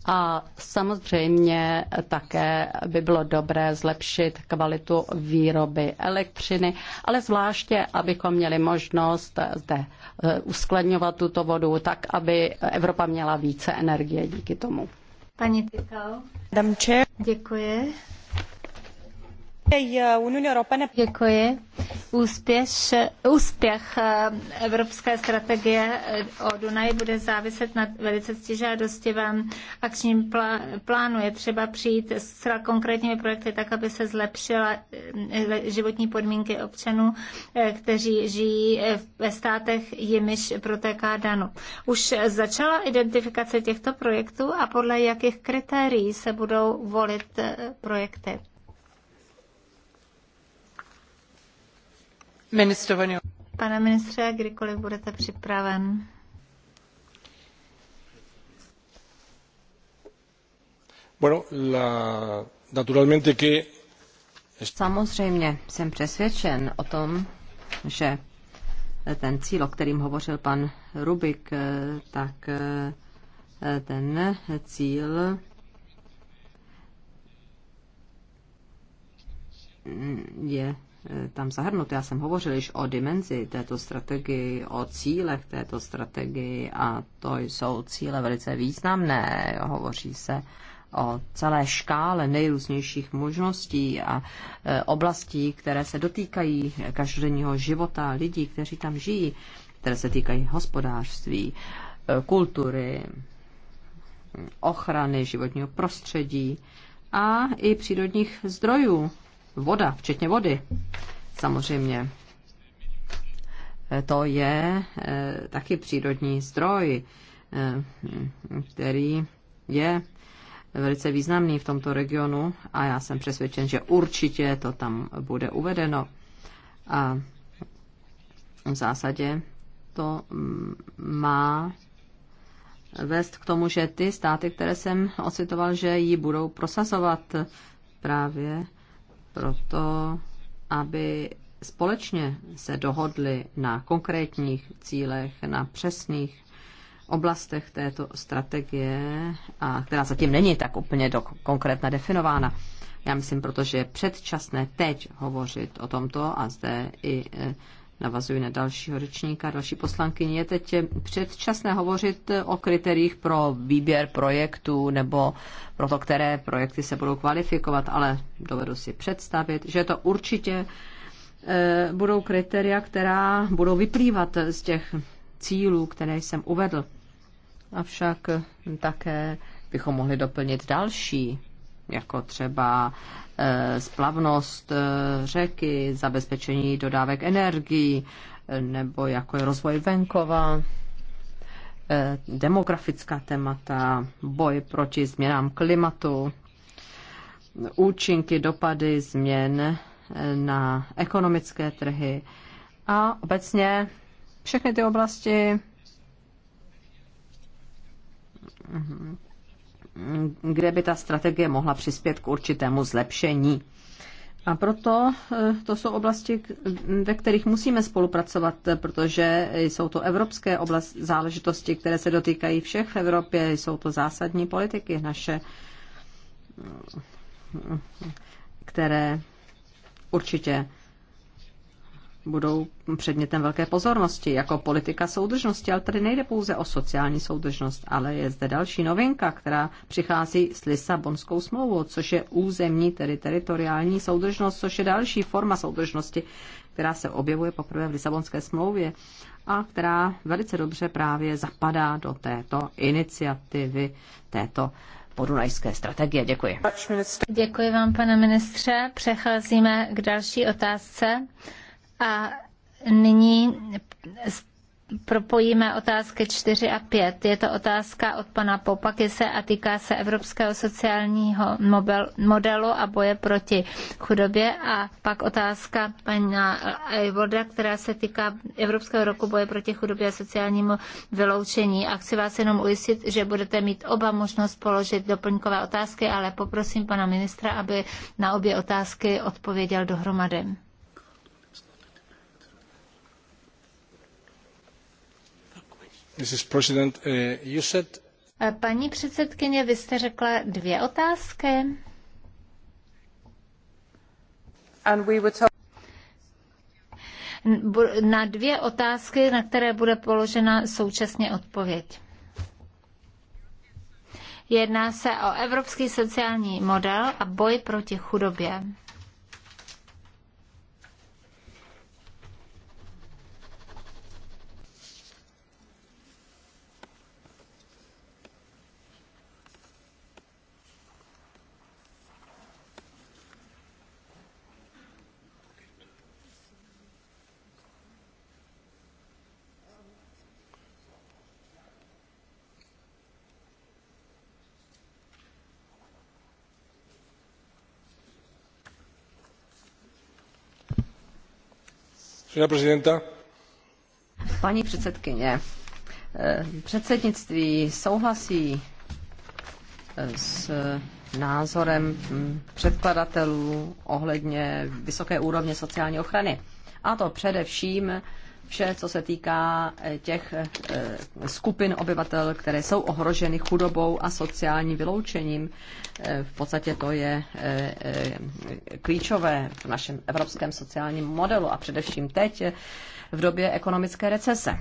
A samozřejmě také by bylo dobré zlepšit kvalitu výroby elektřiny, ale zvláště, abychom měli možnost zde eh, uskladňovat tuto vodu, tak aby Evropa měla více energie díky tomu. Paní Tykal. Děkuji. Děkuji. Úspěch, úspěch eh, Evropské strategie eh, o Dunaji bude záviset na velice stěžádostivém akčním plánu. Je třeba přijít s konkrétními projekty tak, aby se zlepšila eh, životní podmínky občanů, kteří žijí ve státech, jimiž protéká Danu. Už začala identifikace těchto projektů a podle jakých kritérií se budou volit projekty? Pane ministře, kdykoliv budete připraven. Bueno, la... naturalmente que... Samozřejmě jsem přesvědčen o tom, že ten cíl, o kterým hovořil pan Rubik, eh, tak eh, ten cíl mm, je tam zahrnut. Já jsem hovořil již o dimenzi této strategii, o cílech této strategii a to jsou cíle velice významné. Hovoří se o celé škále nejrůznějších možností a e, oblastí, které se dotýkají každodenního života lidí, kteří tam žijí, které se týkají hospodářství, e, kultury, ochrany životního prostředí a i přírodních zdrojů voda, včetně vody, samozřejmě. E, to je e, taky přírodní zdroj, e, který je velice významný v tomto regionu a já jsem přesvědčen, že určitě to tam bude uvedeno. A v zásadě to mm, má vést k tomu, že ty státy, které jsem ocitoval, že ji budou prosazovat právě proto, aby společně se dohodli na konkrétních cílech, na přesných oblastech této strategie, a která zatím není tak úplně do, konkrétna definována. Já myslím, protože je předčasné teď hovořit o tomto a zde i eh, navazuji na dalšího ročníka, další poslankyně, je teď předčasné hovořit o kritériích pro výběr projektů nebo pro to, které projekty se budou kvalifikovat, ale dovedu si představit, že to určitě eh, budou kritéria, která budou vyplývat z těch cílů, které jsem uvedl. Avšak také bychom mohli doplnit další jako třeba eh, splavnost eh, řeky, zabezpečení dodávek energií, eh, nebo jako je rozvoj venkova, demografická témata, boj proti změnám klimatu, účinky, dopady změn na ekonomické trhy a obecně všechny ty oblasti mhm. Mm, kde by ta strategie mohla přispět k určitému zlepšení. A proto eh, to jsou oblasti, ve kterých musíme spolupracovat, protože jsou to evropské oblast, záležitosti, které se dotýkají všech v Evropě, jsou to zásadní politiky naše, mm, které určitě budou předmětem velké pozornosti jako politika soudržnosti, ale tady nejde pouze o sociální soudržnost, ale je zde další novinka, která přichází s Lisabonskou smlouvou, což je územní, tedy teritoriální soudržnost, což je další forma soudržnosti, která se objevuje poprvé v Lisabonské smlouvě a která velice dobře právě zapadá do této iniciativy, této podunajské strategie. Děkuji. Děkuji vám, pane ministře. Přecházíme k další otázce a nyní propojíme otázky 4 a 5. Je to otázka od pana Popakise a týká se evropského sociálního modelu a boje proti chudobě a pak otázka pana Eivoda, která se týká Evropského roku boje proti chudobě a sociálnímu vyloučení. A chci vás jenom ujistit, že budete mít oba možnost položit doplňkové otázky, ale poprosím pana ministra, aby na obě otázky odpověděl dohromady. Eh, eh, paní předsedkyně, vy jste řekla dvě otázky. Na dvě otázky, na které bude položena současně odpověď. Jedná se o evropský sociální model a boj proti chudobě. Paní předsedkyně, eh, předsednictví souhlasí eh, s názorem hm, předkladatelů ohledně vysoké úrovně sociální ochrany. A to především vše, co se týká eh, těch eh, skupin obyvatel, které jsou ohroženy chudobou a sociálním vyloučením. Eh, v podstatě to je klíčové v našem evropském sociálním modelu a především teď v době ekonomické recese.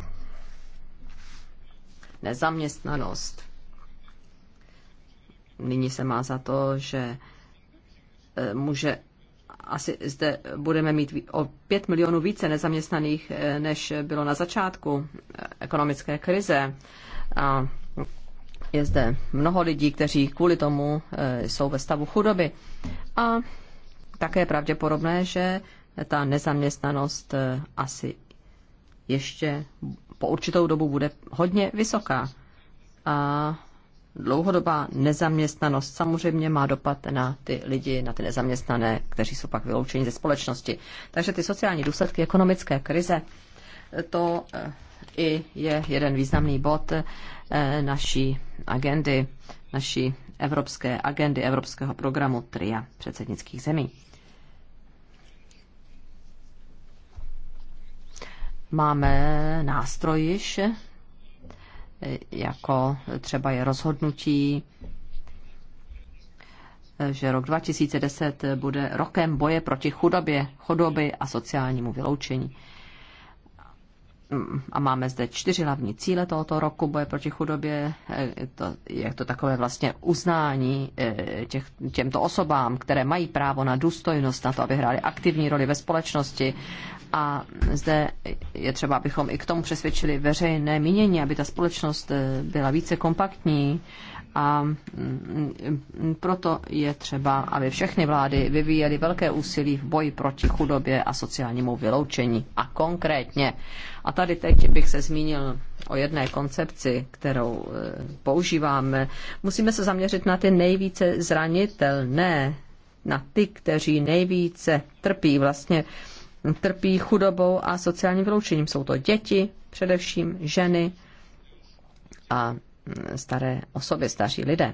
Nezaměstnanost. Nyní se má za to, že může asi zde budeme mít o 5 milionů více nezaměstnaných, eh, než bylo na začátku eh, ekonomické krize. A je zde mnoho lidí, kteří kvůli tomu eh, jsou ve stavu chudoby. A také je pravděpodobné, že ta nezaměstnanost asi ještě po určitou dobu bude hodně vysoká. A dlouhodobá nezaměstnanost samozřejmě má dopad na ty lidi, na ty nezaměstnané, kteří jsou pak vyloučeni ze společnosti. Takže ty sociální důsledky ekonomické krize, to eh, i je jeden významný bod eh, naší agendy, naší evropské agendy, evropského programu TRIA předsednických zemí. Máme nástroj již jako třeba je rozhodnutí, že rok 2010 bude rokem boje proti chudobě, chudoby a sociálnímu vyloučení. A máme zde čtyři hlavní cíle tohoto roku boje proti chudobě. To, je to takové vlastně uznání eh, těch, těmto osobám, které mají právo na důstojnost, na to, aby hrály aktivní roli ve společnosti a zde je třeba, abychom i k tomu přesvědčili veřejné mínění, aby ta společnost eh, byla více kompaktní a mm, mm, proto je třeba, aby všechny vlády vyvíjely velké úsilí v boji proti chudobě a sociálnímu vyloučení. A konkrétně, a tady teď bych se zmínil o jedné koncepci, kterou eh, používáme, musíme se zaměřit na ty nejvíce zranitelné, na ty, kteří nejvíce trpí vlastně trpí chudobou a sociálním vyloučením. Jsou to děti, především ženy a staré osoby, staří lidé.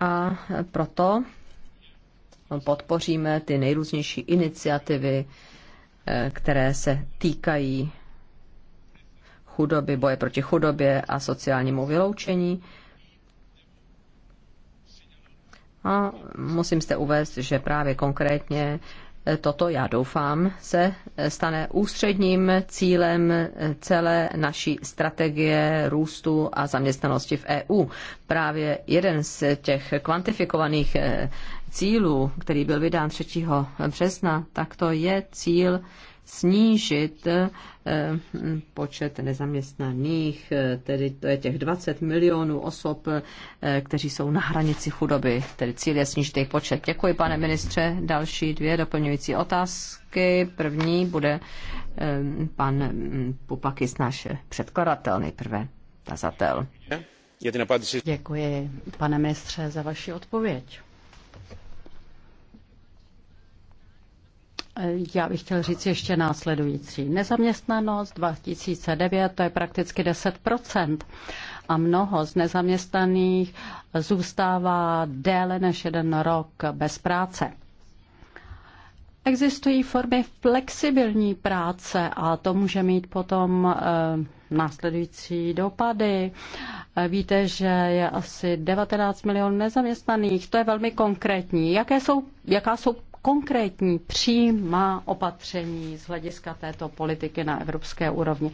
A proto podpoříme ty nejrůznější iniciativy, eh, které se týkají chudoby, boje proti chudobě a sociálnímu vyloučení. A musím zde uvést, že právě konkrétně toto, já doufám, se stane ústředním cílem celé naší strategie růstu a zaměstnanosti v EU. Právě jeden z těch kvantifikovaných eh, cílů, který byl vydán 3. března, tak to je cíl snížit eh, počet nezaměstnaných, eh, tedy to je těch 20 milionů osob, eh, kteří jsou na hranici chudoby. Tedy cíl je snížit jejich počet. Děkuji, pane ministře. Další dvě doplňující otázky. První bude pan Pupakis, náš předkladatel nejprve, tazatel. Děkuji, pane ministře, za vaši odpověď. Já bych chtěl říct ještě následující. Nezaměstnanost 2009 to je prakticky 10 a mnoho z nezaměstnaných zůstává déle než jeden rok bez práce. Existují formy flexibilní práce a to může mít potom eh, následující dopady. Eh, víte, že je asi 19 milionů nezaměstnaných. To je velmi konkrétní. Jaké jsou, jaká jsou konkrétní přímá opatření z hlediska této politiky na evropské úrovni.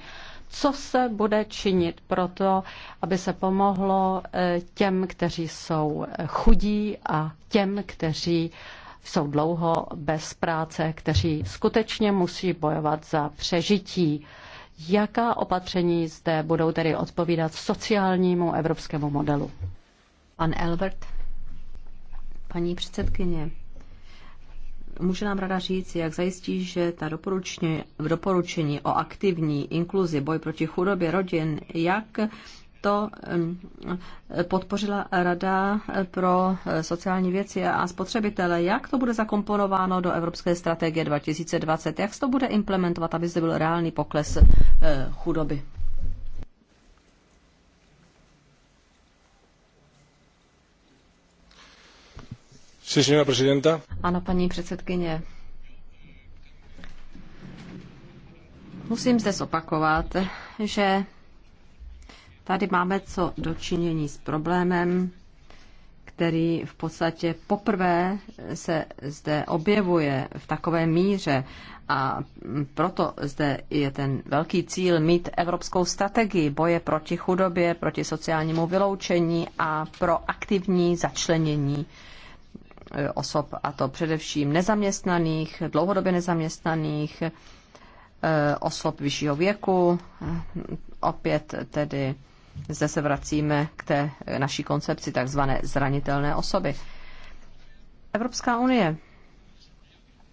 Co se bude činit pro to, aby se pomohlo eh, těm, kteří jsou eh, chudí a těm, kteří jsou dlouho bez práce, kteří skutečně musí bojovat za přežití. Jaká opatření zde budou tedy odpovídat sociálnímu evropskému modelu? Pan Elbert. Paní předsedkyně, Může nám rada říct, jak zajistí, že ta doporučení, doporučení o aktivní inkluzi, boj proti chudobě rodin, jak to podpořila Rada pro sociální věci a spotřebitele. Jak to bude zakomponováno do Evropské strategie 2020? Jak se to bude implementovat, aby zde byl reálný pokles eh, chudoby? prezidenta. Ano, paní předsedkyně. Musím zde zopakovat, že tady máme co dočinění s problémem, který v podstatě poprvé se zde objevuje v takové míře a proto zde je ten velký cíl mít evropskou strategii boje proti chudobě, proti sociálnímu vyloučení a pro aktivní začlenění Eh, osob, a to především nezaměstnaných, dlouhodobě nezaměstnaných, eh, osob vyššího věku. Eh, opět tedy zde se vracíme k té naší koncepci takzvané zranitelné osoby. Evropská unie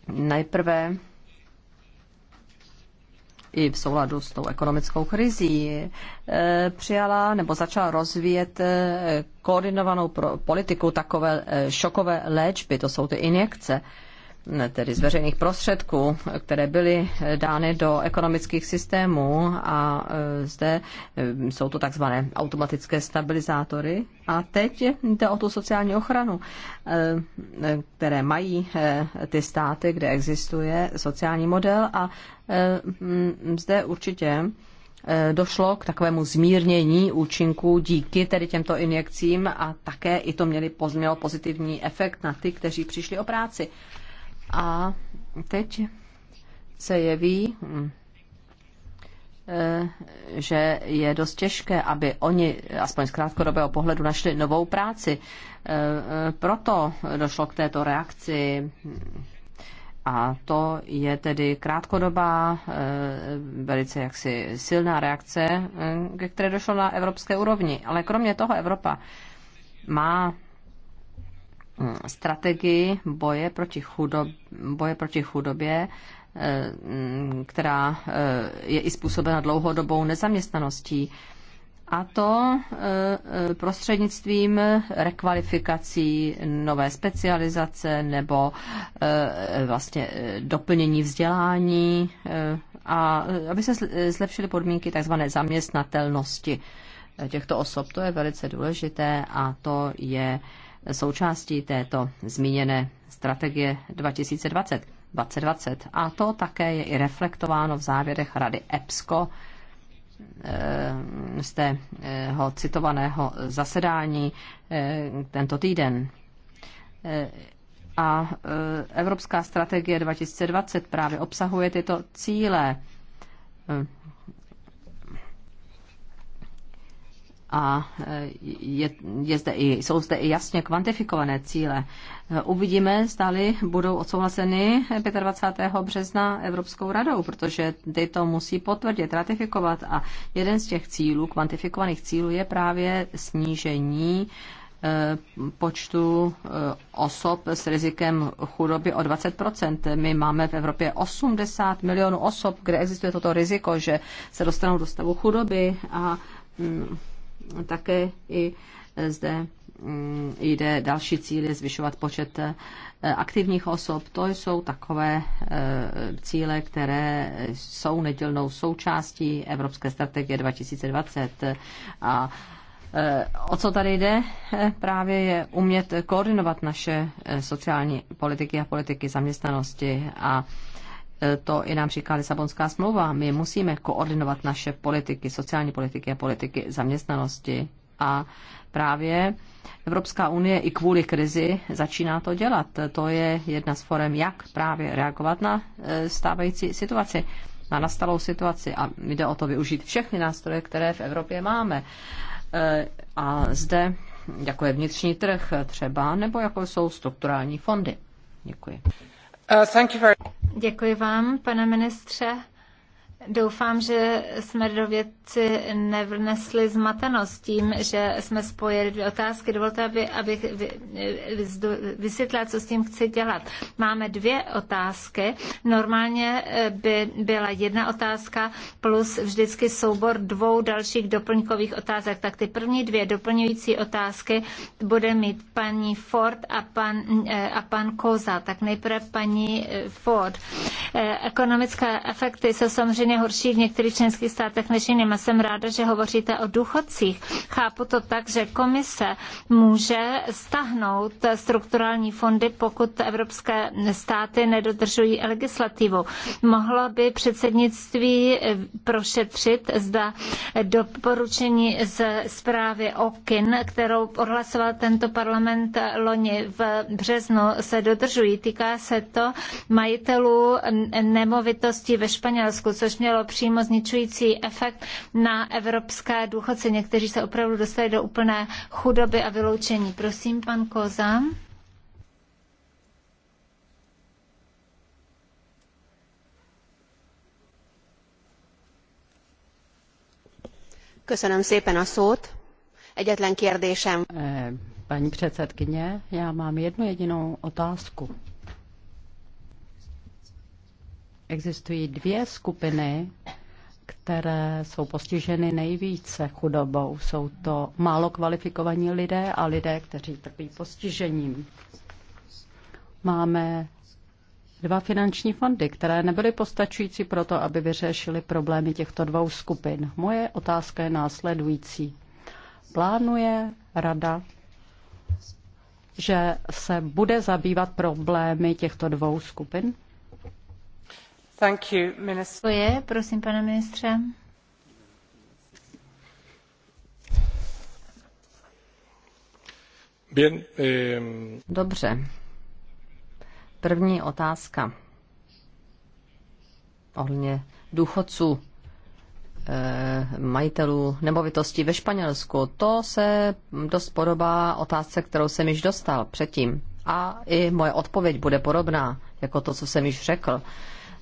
nejprve i v souladu s tou ekonomickou krizí e, přijala nebo začala rozvíjet e, koordinovanou politiku takové e, šokové léčby, to jsou ty injekce tedy z veřejných prostředků, které byly dány do ekonomických systémů a e, zde e, jsou to takzvané automatické stabilizátory. A teď jde o tu sociální ochranu, e, které mají ty státy, kde existuje sociální model a zde určitě došlo k takovému zmírnění účinků díky tedy těmto injekcím a také i to měli, mělo pozitivní efekt na ty, kteří přišli o práci. A teď se jeví, hm, e, že je dost těžké, aby oni, aspoň z krátkodobého pohledu, našli novou práci. E, e, proto došlo k této reakci a to je tedy krátkodobá, velice jaksi silná reakce, ke které došlo na evropské úrovni. Ale kromě toho Evropa má Eh, strategii boje proti, chudob, boje proti chudobě, eh, mm, která eh, je i způsobena dlouhodobou nezaměstnaností. A to prostřednictvím rekvalifikací, nové specializace nebo vlastně doplnění vzdělání a aby se zlepšily podmínky tzv. zaměstnatelnosti těchto osob. To je velice důležité a to je součástí této zmíněné strategie 2020. 2020. A to také je i reflektováno v závěrech Rady EPSCO eh, z tého eh, citovaného zasedání eh, tento týden. A Evropská strategie 2020 právě obsahuje tyto cíle a eh, je, je zde i, jsou zde i jasně kvantifikované cíle. Eh, uvidíme, zdali budou odsouhlaseny 25. března Evropskou radou, protože ty to musí potvrdit, ratifikovat a jeden z těch cílů, kvantifikovaných cílů, je právě snížení eh, počtu osob s rizikem chudoby o 20%. My máme v Evropě 80 milionů osob, kde existuje toto riziko, že se dostanou do stavu chudoby a mm, také i eh, zde mm, jde další cíl je zvyšovat počet eh, aktivních osob. To jsou takové eh, cíle, které jsou nedělnou součástí Evropské strategie 2020 a O co tady jde? Právě je umět koordinovat naše sociální politiky a politiky zaměstnanosti a to i nám říká Lisabonská smlouva. My musíme koordinovat naše politiky, sociální politiky a politiky zaměstnanosti. A právě Evropská unie i kvůli krizi začíná to dělat. To je jedna z forem, jak právě reagovat na e, stávající situaci na nastalou situaci a jde o to využít všechny nástroje, které v Evropě máme. E, a zde, jako je vnitřní trh třeba, nebo jako jsou strukturální fondy. Děkuji. Uh, Děkuji vám, pane ministře. Doufám, že jsme do věci nevnesli zmatenost tím, že jsme spojili dvě otázky. Dovolte, aby, abych vysvětlila, co s tím chci dělat. Máme dvě otázky. Normálně eh, by byla jedna otázka plus vždycky soubor dvou dalších doplňkových otázek. Tak ty první dvě doplňující otázky bude mít paní Ford a pan, eh, a pan Koza. Tak nejprve paní eh, Ford. Ekonomické efekty jsou samozřejmě je horší v některých členských státech než jiným. A jsem ráda, že hovoříte o důchodcích. Chápu to tak, že komise může stahnout strukturální fondy, pokud evropské státy nedodržují legislativu. Mohlo by předsednictví eh, prošetřit, zda doporučení z zprávy OKIN, kterou odhlasoval tento parlament loni v březnu, se dodržují. Týká se to majitelů nemovitostí ve Španělsku, což mělo přímo zničující efekt na evropské důchodce. Někteří se opravdu dostali do úplné chudoby a vyloučení. Prosím, pan Koza. Köszönöm szépen a szót. Egyetlen kérdésem. Eh, paní předsedkyně, já mám jednu jedinou otázku. Existují dvě skupiny, které jsou postiženy nejvíce chudobou. Jsou to málo kvalifikovaní lidé a lidé, kteří trpí postižením. Máme dva finanční fondy, které nebyly postačující pro to, aby vyřešily problémy těchto dvou skupin. Moje otázka je následující. Plánuje rada, že se bude zabývat problémy těchto dvou skupin? prosím, pane ministře. Eh, Dobře. První otázka ohledně důchodců, eh, majitelů nemovitostí ve Španělsku. To se dost podobá otázce, kterou jsem již dostal předtím. A i moje odpověď bude podobná, jako to, co jsem již řekl.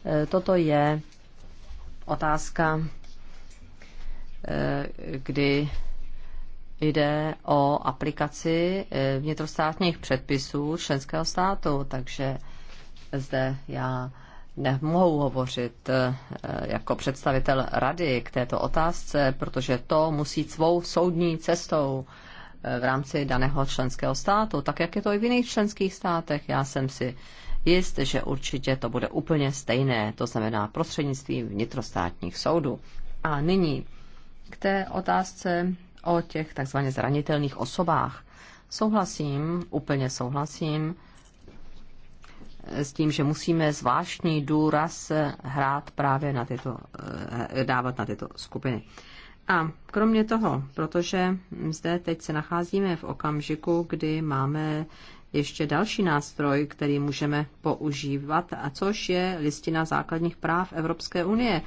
Eh, toto je otázka, eh, kdy jde o aplikaci eh, vnitrostátních předpisů členského státu, takže zde já nemohu hovořit jako představitel rady k této otázce, protože to musí svou soudní cestou v rámci daného členského státu, tak jak je to i v jiných členských státech. Já jsem si jist, že určitě to bude úplně stejné, to znamená prostřednictvím vnitrostátních soudů. A nyní k té otázce o těch takzvaně zranitelných osobách. Souhlasím, úplně souhlasím s tím, že musíme zvláštní důraz hrát právě na tyto, eh, dávat na tyto skupiny. A kromě toho, protože zde teď se nacházíme v okamžiku, kdy máme ještě další nástroj, který můžeme používat, a což je listina základních práv Evropské unie.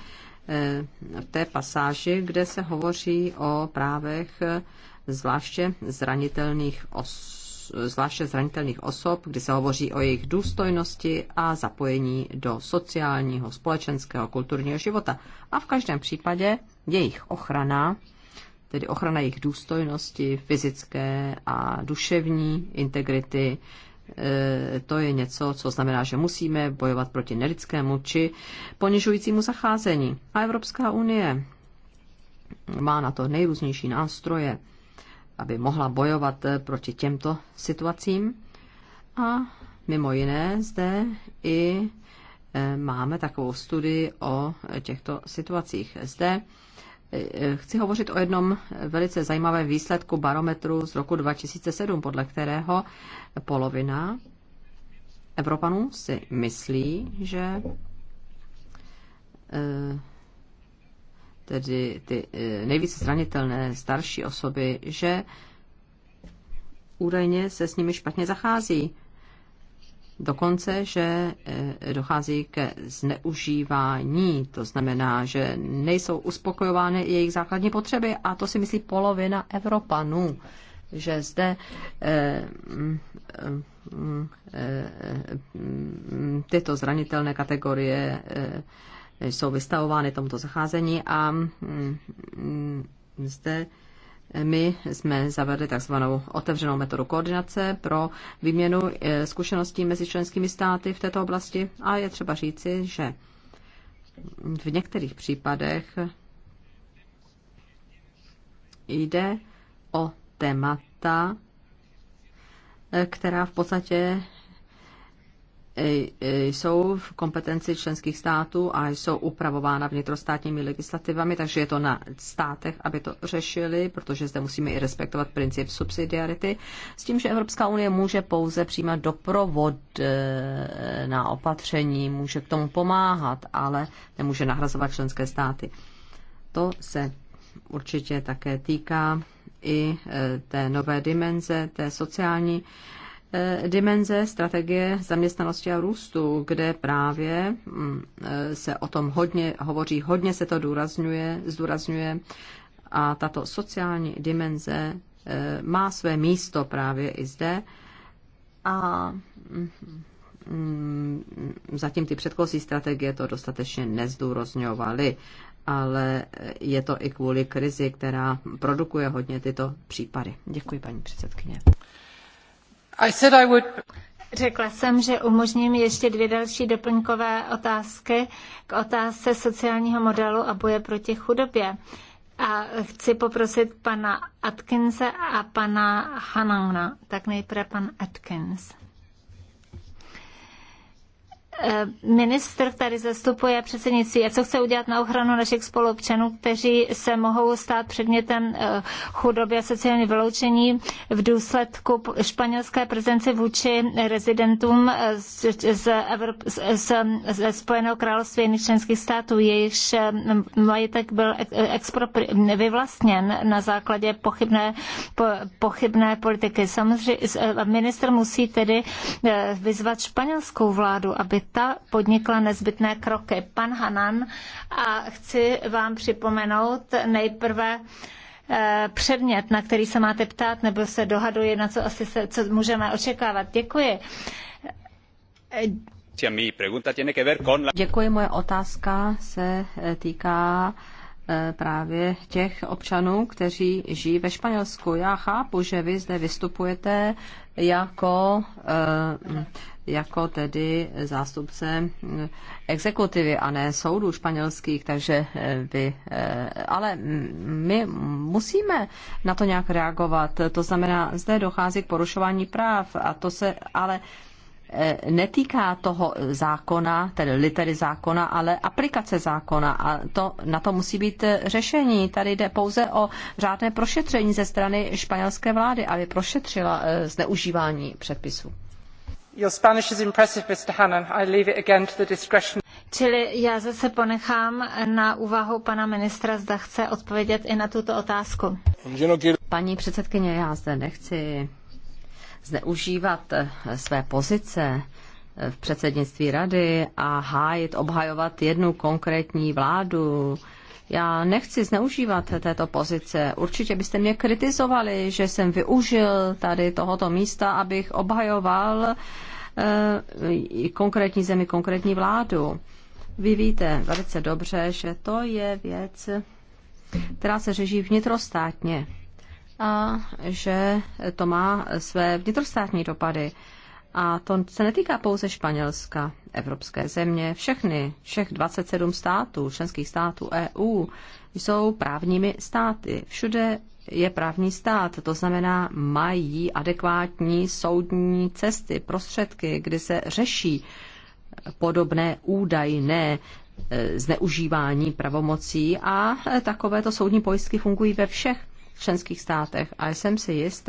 Eh, v té pasáži, kde se hovoří o právech eh, zvláště zranitelných osob, zvláště zranitelných osob, kdy se hovoří o jejich důstojnosti a zapojení do sociálního, společenského, kulturního života. A v každém případě jejich ochrana tedy ochrana jejich důstojnosti, fyzické a duševní integrity, e, to je něco, co znamená, že musíme bojovat proti nelidskému či ponižujícímu zacházení. A Evropská unie má na to nejrůznější nástroje, aby mohla bojovat e, proti těmto situacím. A mimo jiné zde i e, máme takovou studii o těchto situacích. Zde Chci hovořit o jednom velice zajímavém výsledku barometru z roku 2007, podle kterého polovina Evropanů si myslí, že eh, tedy ty eh, nejvíce zranitelné starší osoby, že údajně se s nimi špatně zachází dokonce, že eh, dochází ke zneužívání, to znamená, že nejsou uspokojovány jejich základní potřeby a to si myslí polovina Evropanů, že zde eh, mm, eh, mm, tyto zranitelné kategorie jsou vystavovány tomuto zacházení a mm, zde my jsme zavedli takzvanou otevřenou metodu koordinace pro výměnu eh, zkušeností mezi členskými státy v této oblasti a je třeba říci, že v některých případech jde o témata, eh, která v podstatě jsou v kompetenci členských států a jsou upravována vnitrostátními legislativami, takže je to na státech, aby to řešili, protože zde musíme i respektovat princip subsidiarity, s tím, že Evropská unie může pouze přijímat doprovod na opatření, může k tomu pomáhat, ale nemůže nahrazovat členské státy. To se určitě také týká i té nové dimenze, té sociální Eh, dimenze strategie zaměstnanosti a růstu, kde právě mm, eh, se o tom hodně hovoří, hodně se to důrazňuje, zdůrazňuje a tato sociální dimenze eh, má své místo právě i zde. A mm, mm, zatím ty předchozí strategie to dostatečně nezdůrozňovaly, ale je to i kvůli krizi, která produkuje hodně tyto případy. Děkuji, paní předsedkyně. Řekla jsem, že umožním ještě dvě další doplňkové otázky k otázce sociálního modelu a boje proti chudobě. A chci poprosit pana Atkinse a pana Hanana. Tak nejprve pan Atkins. Eh, ministr tady zastupuje předsednictví a co chce udělat na ochranu našich spoluobčanů, kteří se mohou stát předmětem eh, chudoby a sociální vyloučení v důsledku španělské prezence vůči rezidentům eh, z, Evrop, z, z Spojeného království jiných členských států. Jejichž majetek byl expropri- vyvlastněn na základě pochybné, po, pochybné politiky. Samozřejmě minister musí tedy vyzvat španělskou vládu, aby ta podnikla nezbytné kroky. Pan Hanan, a chci vám připomenout nejprve eh, předmět, na který se máte ptát, nebo se dohaduje, na co asi se, co můžeme očekávat. Děkuji. Děkuji, moje otázka se eh, týká eh, právě těch občanů, kteří žijí ve Španělsku. Já chápu, že vy zde vystupujete jako, eh, jako tedy zástupce exekutivy a ne soudů španělských, takže eh, vy, eh, ale my musíme na to nějak reagovat. To znamená, zde dochází k porušování práv a to se, ale E, netýká toho zákona, tedy litery zákona, ale aplikace zákona a to, na to musí být řešení. Tady jde pouze o řádné prošetření ze strany španělské vlády, aby prošetřila e, zneužívání předpisů. Čili já zase ponechám na úvahu pana ministra, zda chce odpovědět i na tuto otázku. No Paní předsedkyně, já zde nechci zneužívat eh, své pozice eh, v předsednictví rady a hájit, obhajovat jednu konkrétní vládu. Já nechci zneužívat této pozice. Určitě byste mě kritizovali, že jsem využil tady tohoto místa, abych obhajoval eh, konkrétní zemi, konkrétní vládu. Vy víte velice dobře, že to je věc, která se řeší vnitrostátně a že to má své vnitrostátní dopady. A to se netýká pouze Španělska, evropské země, všechny, všech 27 států, členských států EU jsou právními státy. Všude je právní stát, to znamená, mají adekvátní soudní cesty, prostředky, kdy se řeší podobné údajné e, zneužívání pravomocí a e, takovéto soudní pojistky fungují ve všech členských státech. A jsem si jist,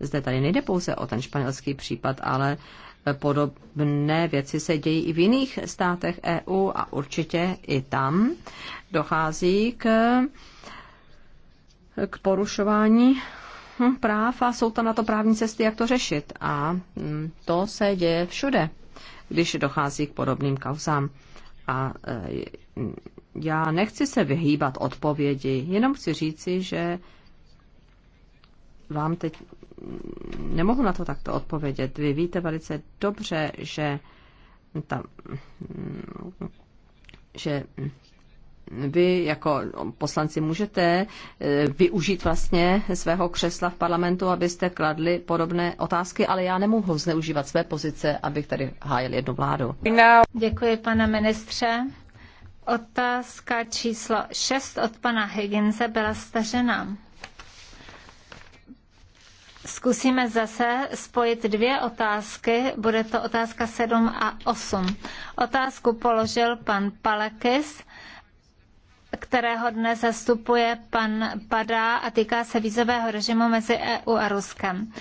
zde tady nejde pouze o ten španělský případ, ale podobné věci se dějí i v jiných státech EU a určitě i tam dochází k, k porušování práv a jsou tam na to právní cesty, jak to řešit. A mm, to se děje všude, když dochází k podobným kauzám. A e, já nechci se vyhýbat odpovědi, jenom chci říci, že vám teď nemohu na to takto odpovědět. Vy víte velice dobře, že ta, že vy jako poslanci můžete eh, využít vlastně svého křesla v parlamentu, abyste kladli podobné otázky, ale já nemohu zneužívat své pozice, abych tady hájil jednu vládu. Děkuji, pane ministře. Otázka číslo 6 od pana Higginse byla stažena. Zkusíme zase spojit dvě otázky, bude to otázka 7 a 8. Otázku položil pan Palekis, kterého dnes zastupuje pan Padá a týká se vízového režimu mezi EU a Ruskem.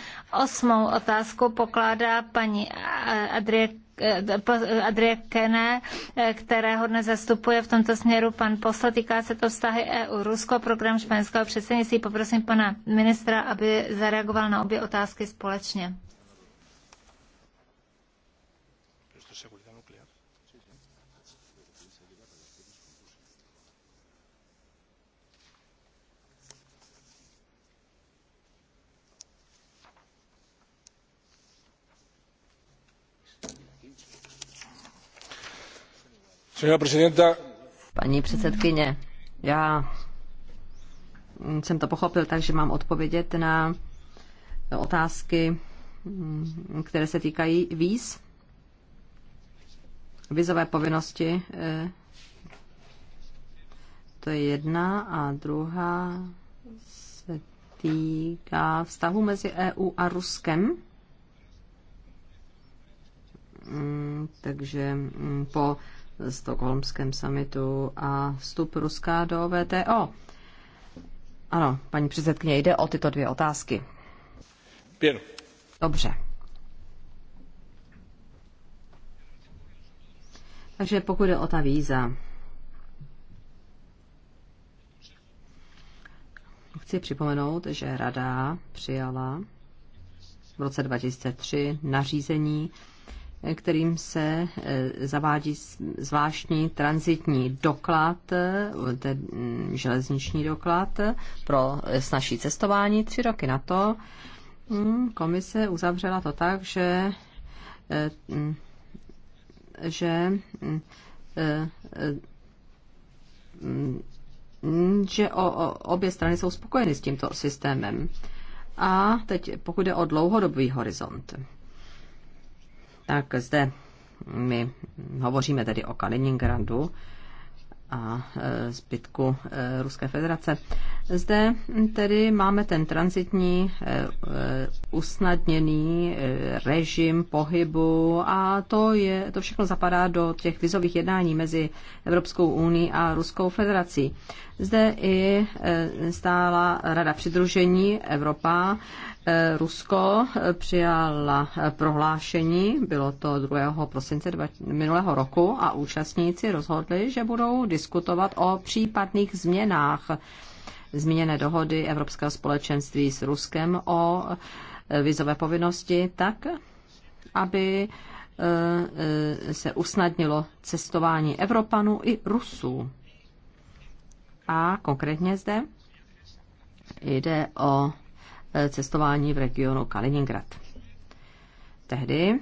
Osmou otázku pokládá paní Adrie Adrie Kene, kterého dnes zastupuje v tomto směru pan posl. Týká se to vztahy EU-Rusko, program španělského předsednictví. Poprosím pana ministra, aby zareagoval na obě otázky společně. Paní předsedkyně, já jsem to pochopil takže mám odpovědět na otázky, mm, které se týkají víz, vízové povinnosti. Eh, to je jedna a druhá se týká vztahu mezi EU a Ruskem. Mm, takže mm, po stokholmském samitu a vstup Ruska do VTO. Ano, paní předsedkyně, jde o tyto dvě otázky. Bien. Dobře. Takže pokud jde o ta víza, chci připomenout, že Rada přijala v roce 2003 nařízení kterým se eh, zavádí zvláštní transitní doklad, eh, mm, železniční doklad eh, pro snažší cestování. Tři roky na to mm, komise uzavřela to tak, že, mm, že že o, o, obě strany jsou spokojeny s tímto systémem. A teď pokud jde o dlouhodobý horizont, tak zde my hovoříme tedy o Kaliningradu a e, zbytku e, Ruské federace. Zde tedy máme ten transitní eh, eh, usnadněný eh, režim pohybu a to, je, to všechno zapadá do těch vizových jednání mezi Evropskou unii a Ruskou federací. Zde i stála Rada přidružení Evropa. Rusko přijala prohlášení, bylo to 2. prosince minulého roku a účastníci rozhodli, že budou diskutovat o případných změnách zmíněné dohody Evropského společenství s Ruskem o e, vizové povinnosti tak, aby e, e, se usnadnilo cestování Evropanů i Rusů. A konkrétně zde jde o cestování v regionu Kaliningrad. Tehdy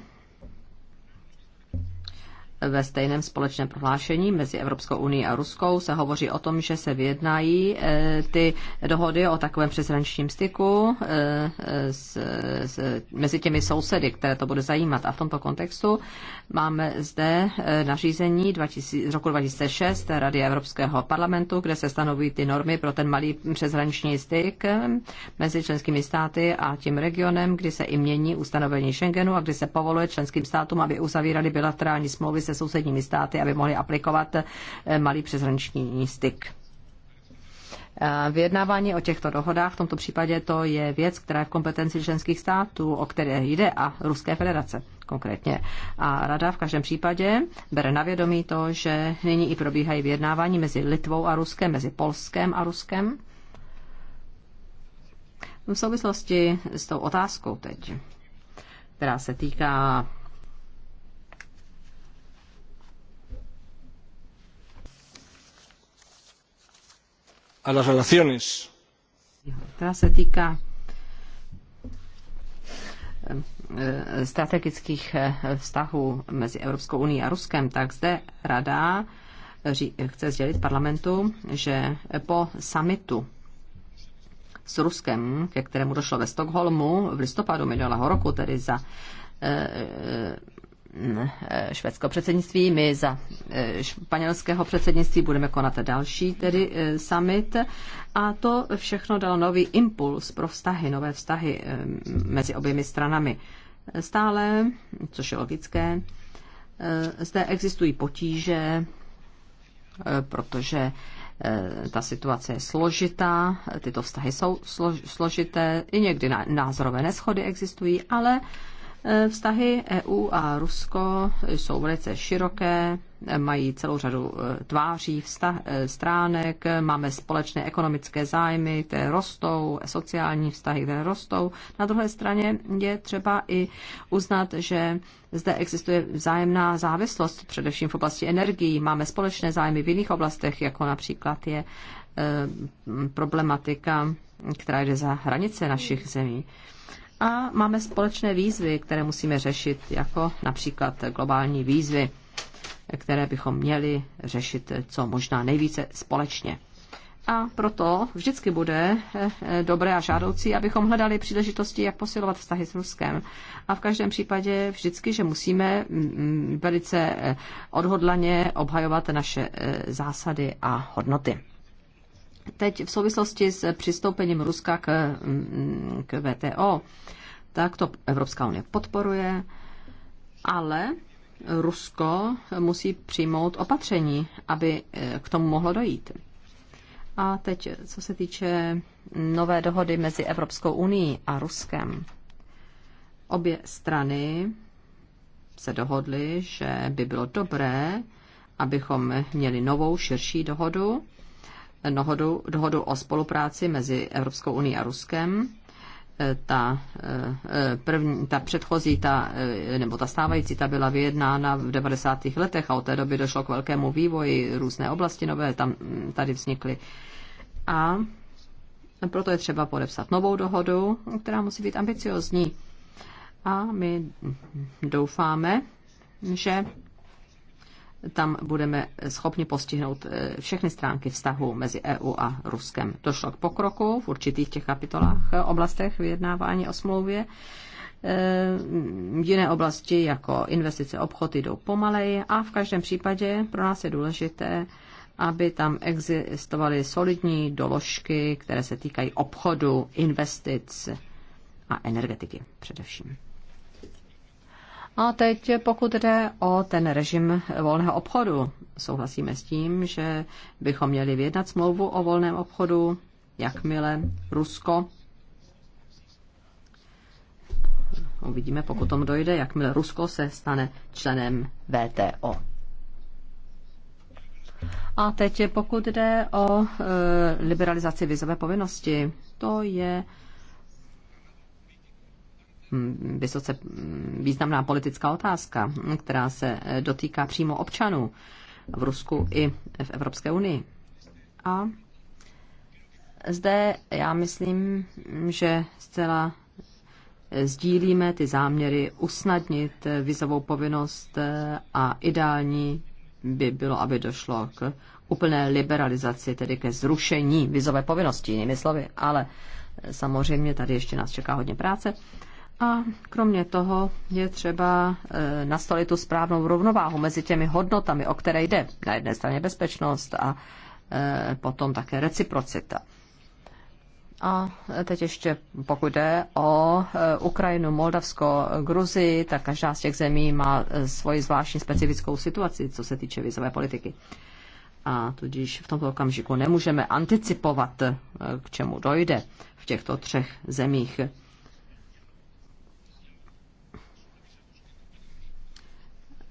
ve stejném společném prohlášení mezi Evropskou unii a Ruskou se hovoří o tom, že se vyjednají e, ty dohody o takovém přeshraničním styku e, e, s, s, mezi těmi sousedy, které to bude zajímat. A v tomto kontextu máme zde nařízení 2000, z roku 2006 Rady Evropského parlamentu, kde se stanoví ty normy pro ten malý přeshraniční styk mezi členskými státy a tím regionem, kdy se i mění ustanovení Schengenu a kdy se povoluje členským státům, aby uzavírali bilaterální smlouvy se sousedními státy, aby mohli aplikovat eh, malý přeshraniční styk. Eh, vyjednávání o těchto dohodách, v tomto případě to je věc, která je v kompetenci členských států, o které jde a Ruské federace konkrétně. A rada v každém případě bere na vědomí to, že nyní i probíhají vyjednávání mezi Litvou a Ruskem, mezi Polskem a Ruskem. V souvislosti s tou otázkou teď, která se týká a las relaciones. Která se týká eh, strategických eh, vztahů mezi Evropskou unii a Ruskem, tak zde rada chce sdělit parlamentu, že po summitu s Ruskem, ke kterému došlo ve Stockholmu v listopadu minulého roku, tedy za eh, Eh, švédského předsednictví. My za eh, španělského předsednictví budeme konat další tedy eh, summit a to všechno dalo nový impuls pro vztahy, nové vztahy mezi oběmi stranami. Stále, což je logické, zde existují potíže, protože ta situace je složitá, tyto vztahy jsou složité, i někdy názorové neschody existují, ale Eh, vztahy EU a Rusko jsou velice široké, mají celou řadu eh, tváří, vztah, eh, stránek, máme společné ekonomické zájmy, které rostou, sociální vztahy, které rostou. Na druhé straně je třeba i uznat, že zde existuje vzájemná závislost, především v oblasti energií. Máme společné zájmy v jiných oblastech, jako například je problematika, která jde za hranice našich zemí. A máme společné výzvy, které musíme řešit, jako například globální výzvy, které bychom měli řešit co možná nejvíce společně. A proto vždycky bude eh, eh, dobré a žádoucí, abychom hledali příležitosti, jak posilovat vztahy s Ruskem. A v každém případě vždycky, že musíme mm, mm, velice eh, odhodlaně obhajovat naše zásady a hodnoty. Teď v souvislosti s přistoupením Ruska k, mm, k VTO, tak to Evropská unie podporuje, ale Rusko musí přijmout opatření, aby eh, k tomu mohlo dojít. A teď, co se týče nové dohody mezi Evropskou unii a Ruskem. Obě strany se dohodly, že by bylo dobré, abychom měli novou, širší dohodu, dohodu, dohodu o spolupráci mezi Evropskou unii a Ruskem. E, ta, e, e, první, ta předchozí, ta, nebo ta stávající, ta byla vyjednána v 90. letech a od té doby došlo k velkému vývoji, různé oblasti nové tam tady vznikly. A proto je třeba podepsat novou dohodu, která musí být ambiciozní. A my doufáme, že tam budeme schopni postihnout eh, všechny stránky vztahu mezi EU a Ruskem. Došlo k pokroku v určitých těch kapitolách, eh, oblastech vyjednávání o smlouvě. Eh, jiné oblasti jako investice, obchod jdou pomaleji a v každém případě pro nás je důležité, aby tam existovaly solidní doložky, které se týkají obchodu, investic a energetiky především. A teď, pokud jde o ten režim volného obchodu, souhlasíme s tím, že bychom měli vyjednat smlouvu o volném obchodu, jakmile Rusko uvidíme, pokud tomu dojde, jakmile Rusko se stane členem VTO. A teď, pokud jde o e, liberalizaci vizové povinnosti, to je e, Mm, vysoce mm, významná politická otázka, která se eh, dotýká přímo občanů v Rusku i v Evropské unii. A zde já myslím, že zcela eh, sdílíme ty záměry usnadnit eh, vizovou povinnost a ideální by bylo, aby došlo k úplné liberalizaci, tedy ke zrušení vizové povinnosti, jinými slovy. Ale samozřejmě tady ještě nás čeká hodně práce. A kromě toho je třeba e, nastolit tu správnou rovnováhu mezi těmi hodnotami, o které jde. Na jedné straně bezpečnost a e, potom také reciprocita. A teď ještě pokud jde o e, Ukrajinu, Moldavsko, Gruzii, tak každá z těch zemí má svoji zvláštní specifickou situaci, co se týče vizové politiky. A tudíž v tomto okamžiku nemůžeme anticipovat, k čemu dojde v těchto třech zemích.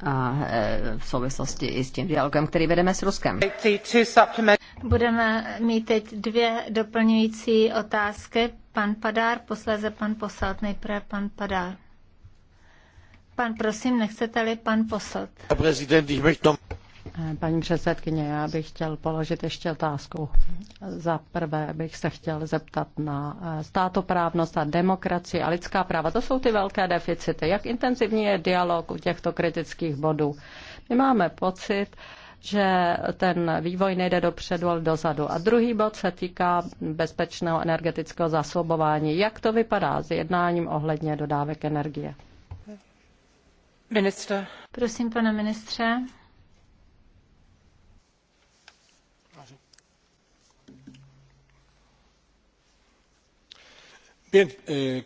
a e, v souvislosti i s tím dialogem, který vedeme s Ruskem. Budeme mít teď dvě doplňující otázky. Pan Padár, posléze pan Posad. Nejprve pan Padár. Pan, prosím, nechcete-li pan Posad. Paní předsedkyně, já bych chtěl položit ještě otázku. Za prvé bych se chtěl zeptat na eh, státoprávnost a demokracii a lidská práva. To jsou ty velké deficity. Jak intenzivní je dialog u těchto kritických bodů? My máme pocit, že ten vývoj nejde dopředu, ale dozadu. A druhý bod se týká bezpečného energetického zasobování. Jak to vypadá s jednáním ohledně dodávek energie? Minister. Prosím, pane ministře. Eh,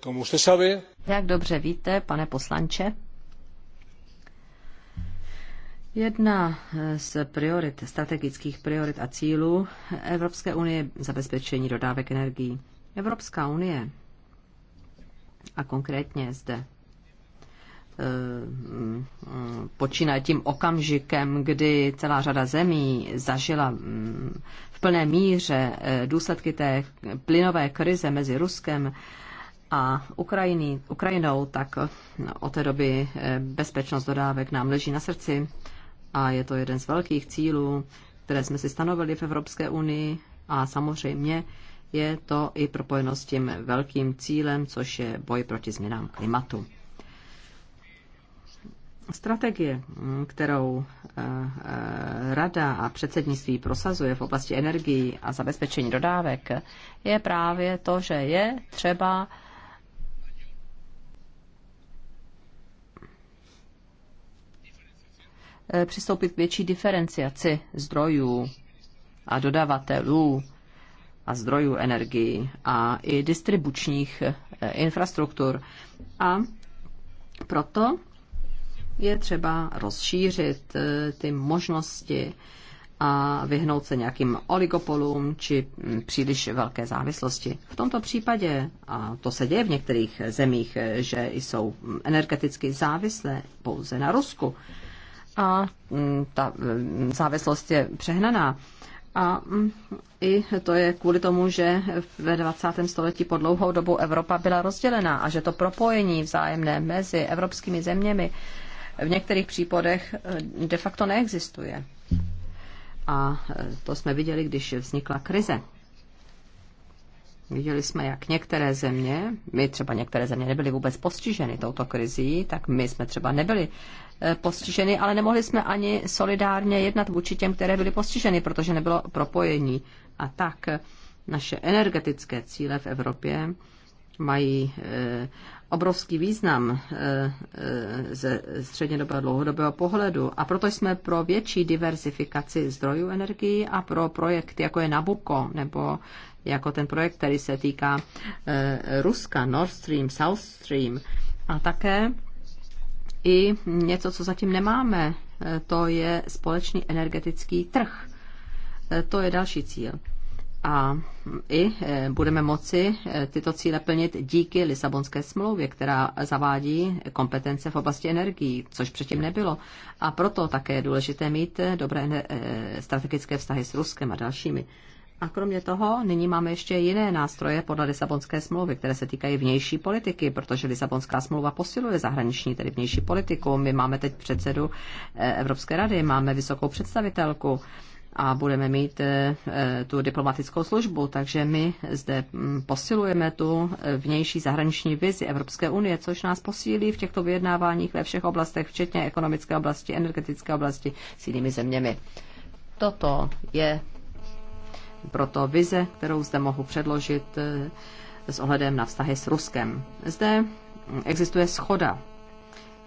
Jak dobře víte, pane poslanče, Jedna eh, z priorit, strategických priorit a cílů Evropské unie je zabezpečení dodávek energií. Evropská unie a konkrétně zde počínaje tím okamžikem, kdy celá řada zemí zažila mm, v plné míře eh, důsledky té plynové krize mezi Ruskem a Ukrajiny, Ukrajinou, tak no, od té doby eh, bezpečnost dodávek nám leží na srdci a je to jeden z velkých cílů, které jsme si stanovili v Evropské unii a samozřejmě je to i propojeno s tím velkým cílem, což je boj proti změnám klimatu. Strategie, kterou eh, eh, Rada a předsednictví prosazuje v oblasti energií a zabezpečení dodávek, je právě to, že je třeba eh, přistoupit k větší diferenciaci zdrojů a dodavatelů a zdrojů energií a i distribučních infrastruktur. A proto je třeba rozšířit eh, ty možnosti a vyhnout se nějakým oligopolům či hm, příliš velké závislosti. V tomto případě, a to se děje v některých zemích, eh, že jsou hm, energeticky závislé pouze na Rusku a hm, ta závislost je přehnaná. A i to je kvůli tomu, že ve 20. století po dlouhou dobu Evropa byla rozdělená a že to propojení vzájemné mezi evropskými zeměmi v některých případech eh, de facto neexistuje. A eh, to jsme viděli, když vznikla krize. Viděli jsme, jak některé země, my třeba některé země nebyly vůbec postiženy touto krizí, tak my jsme třeba nebyli eh, postiženy, ale nemohli jsme ani solidárně jednat vůči těm, které byly postiženy, protože nebylo propojení. A tak naše energetické cíle v Evropě mají obrovský význam eh, eh, ze střednědobého dlouhodobého pohledu a proto jsme pro větší diversifikaci zdrojů energii a pro projekty, jako je Nabuko nebo jako ten projekt, který se týká eh, Ruska, Nord Stream, South Stream a také i něco, co zatím nemáme, to je společný energetický trh. To je další cíl a i e, budeme moci e, tyto cíle plnit díky Lisabonské smlouvě, která zavádí kompetence v oblasti energií, což předtím nebylo. A proto také je důležité mít e, dobré strategické vztahy s Ruskem a dalšími. A kromě toho nyní máme ještě jiné nástroje podle Lisabonské smlouvy, které se týkají vnější politiky, protože Lisabonská smlouva posiluje zahraniční, tedy vnější politiku. My máme teď předsedu Evropské rady, máme vysokou představitelku a budeme mít eh, eh, tu diplomatickou službu. Takže my zde mm, posilujeme tu eh, vnější zahraniční vizi Evropské unie, což nás posílí v těchto vyjednáváních ve všech oblastech, včetně ekonomické oblasti, energetické oblasti s jinými zeměmi. Toto je proto vize, kterou zde mohu předložit s ohledem na vztahy s Ruskem. Zde mm, existuje schoda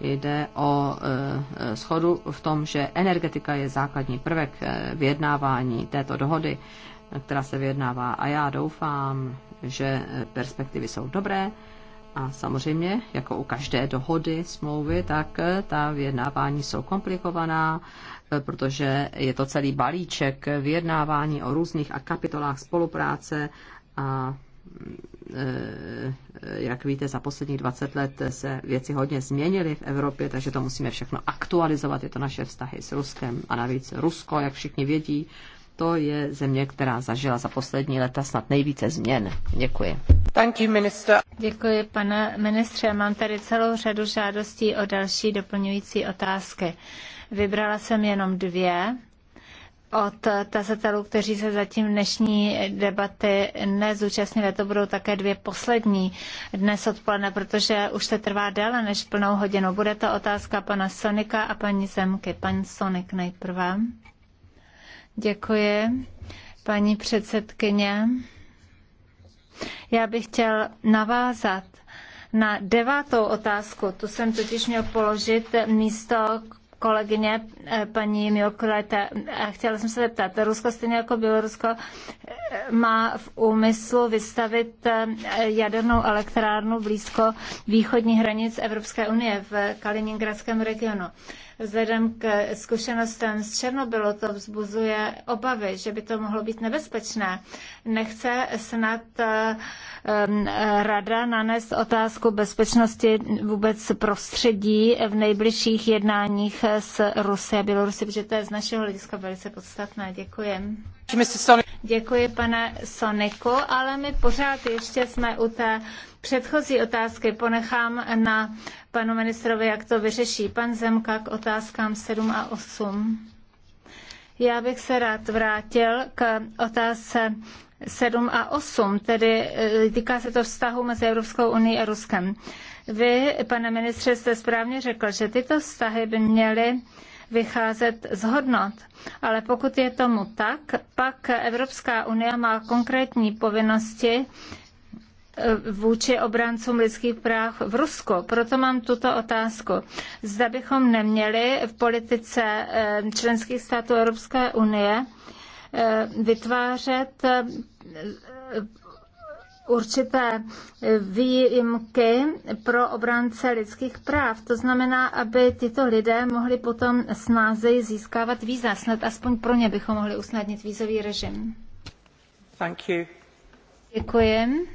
jde o e, schodu v tom, že energetika je základní prvek e, vyjednávání této dohody, která se vyjednává. A já doufám, že e, perspektivy jsou dobré. A samozřejmě, jako u každé dohody, smlouvy, tak ta vyjednávání jsou komplikovaná, protože je to celý balíček vyjednávání o různých a kapitolách spolupráce a Eh, jak víte, za posledních 20 let se věci hodně změnily v Evropě, takže to musíme všechno aktualizovat. Je to naše vztahy s Ruskem a navíc Rusko, jak všichni vědí, to je země, která zažila za poslední leta snad nejvíce změn. Děkuji. Thank you, minister. Děkuji, pane ministře. Mám tady celou řadu žádostí o další doplňující otázky. Vybrala jsem jenom dvě od tazatelů, kteří se zatím dnešní debaty nezúčastnili. To budou také dvě poslední dnes odpoledne, protože už se trvá déle než plnou hodinu. Bude to otázka pana Sonika a paní Zemky. Pan Sonik nejprve. Děkuji, paní předsedkyně. Já bych chtěl navázat na devátou otázku. Tu jsem totiž měl položit místo kolegyně eh, paní Milkuleta. Eh, chtěla jsem se zeptat, Rusko stejně jako Bělorusko eh, má v úmyslu vystavit jadernou elektrárnu blízko východní hranic Evropské unie v Kaliningradském regionu. Vzhledem k zkušenostem z Černobylu to vzbuzuje obavy, že by to mohlo být nebezpečné. Nechce snad eh, rada nanést otázku bezpečnosti vůbec prostředí v nejbližších jednáních s Rusy a Bělorusy, protože to je z našeho hlediska velice podstatné. Děkuji. Děkuji, pane Soniku, ale my pořád ještě jsme u té Předchozí otázky ponechám na panu ministrovi, jak to vyřeší. Pan Zemka k otázkám 7 a 8. Já bych se rád vrátil k otázce 7 a 8, tedy eh, týká se to vztahu mezi Evropskou unii a Ruskem. Vy, pane ministře, jste správně řekl, že tyto vztahy by měly vycházet z hodnot. Ale pokud je tomu tak, pak Evropská unie má konkrétní povinnosti vůči obráncům lidských práv v Rusku. Proto mám tuto otázku. Zda bychom neměli v politice eh, členských států Evropské unie eh, vytvářet eh, určité výjimky pro obránce lidských práv. To znamená, aby tyto lidé mohli potom snázeji získávat víza. Snad aspoň pro ně bychom mohli usnadnit vízový režim. Thank you. Děkuji.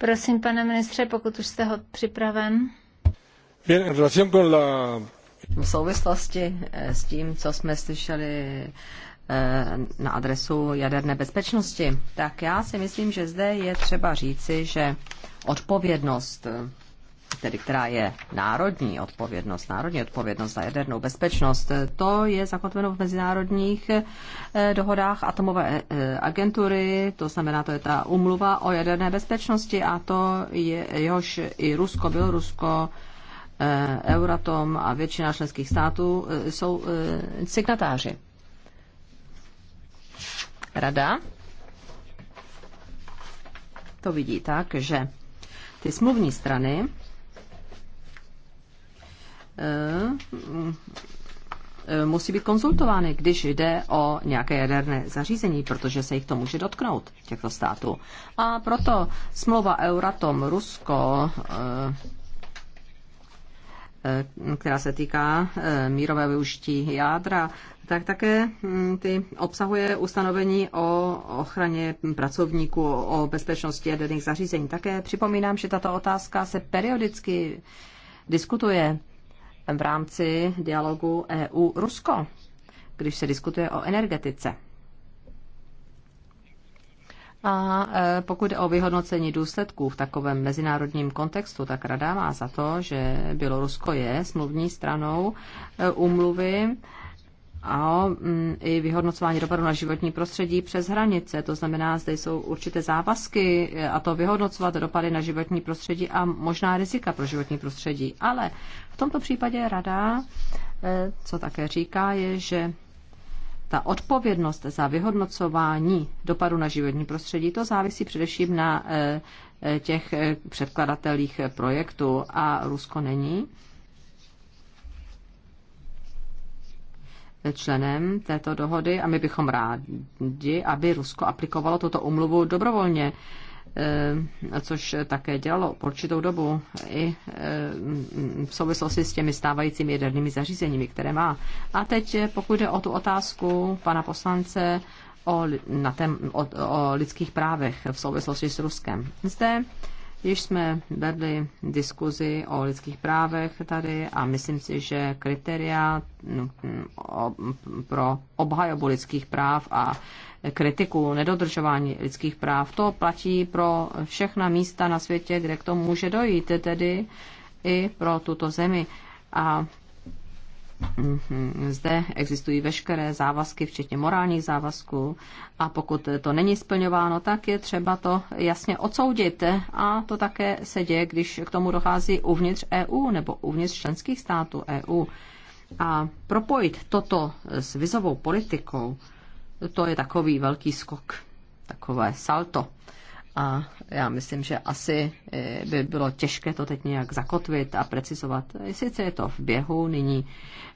Prosím, pane ministře, pokud už jste ho připraven. V souvislosti eh, s tím, co jsme slyšeli eh, na adresu jaderné bezpečnosti, tak já si myslím, že zde je třeba říci, že odpovědnost tedy která je národní odpovědnost, národní odpovědnost za jadernou bezpečnost, to je zakotveno v mezinárodních eh, dohodách atomové eh, agentury, to znamená, to je ta umluva o jaderné bezpečnosti a to je, jehož i Rusko, Bělorusko, eh, Euratom a většina členských států jsou signatáři. Rada to vidí tak, že ty smluvní strany E, e, musí být konzultovány, když jde o nějaké jaderné zařízení, protože se jich to může dotknout, těchto států. A proto smlouva Euratom Rusko, e, která se týká mírové využití jádra, tak také mm, ty obsahuje ustanovení o ochraně pracovníků, o bezpečnosti jaderných zařízení. Také připomínám, že tato otázka se periodicky diskutuje v rámci dialogu EU-Rusko, když se diskutuje o energetice. A e, pokud jde o vyhodnocení důsledků v takovém mezinárodním kontextu, tak Rada má za to, že Bělorusko je smluvní stranou e, úmluvy a mm, i vyhodnocování dopadu na životní prostředí přes hranice. To znamená, zde jsou určité závazky e, a to vyhodnocovat dopady na životní prostředí a možná rizika pro životní prostředí. Ale v tomto případě rada, e, co také říká, je, že ta odpovědnost za vyhodnocování dopadu na životní prostředí, to závisí především na e, těch předkladatelích projektu a Rusko není členem této dohody a my bychom rádi, aby Rusko aplikovalo tuto umluvu dobrovolně, eh, což také dělalo po určitou dobu i eh, v souvislosti s těmi stávajícími jadernými zařízeními, které má. A teď pokud jde o tu otázku pana poslance o, na tém, o, o lidských právech v souvislosti s Ruskem. Zde Již jsme vedli diskuzi o lidských právech tady a myslím si, že kritéria no, pro obhajobu lidských práv a kritiku nedodržování lidských práv, to platí pro všechna místa na světě, kde k tomu může dojít, tedy i pro tuto zemi. A Mhm, zde existují veškeré závazky, včetně morálních závazků a pokud to není splňováno, tak je třeba to jasně odsoudit a to také se děje, když k tomu dochází uvnitř EU nebo uvnitř členských států EU. A propojit toto s vizovou politikou, to je takový velký skok, takové salto. A já myslím, že asi eh, by bylo těžké to teď nějak zakotvit a precizovat. Sice je to v běhu, nyní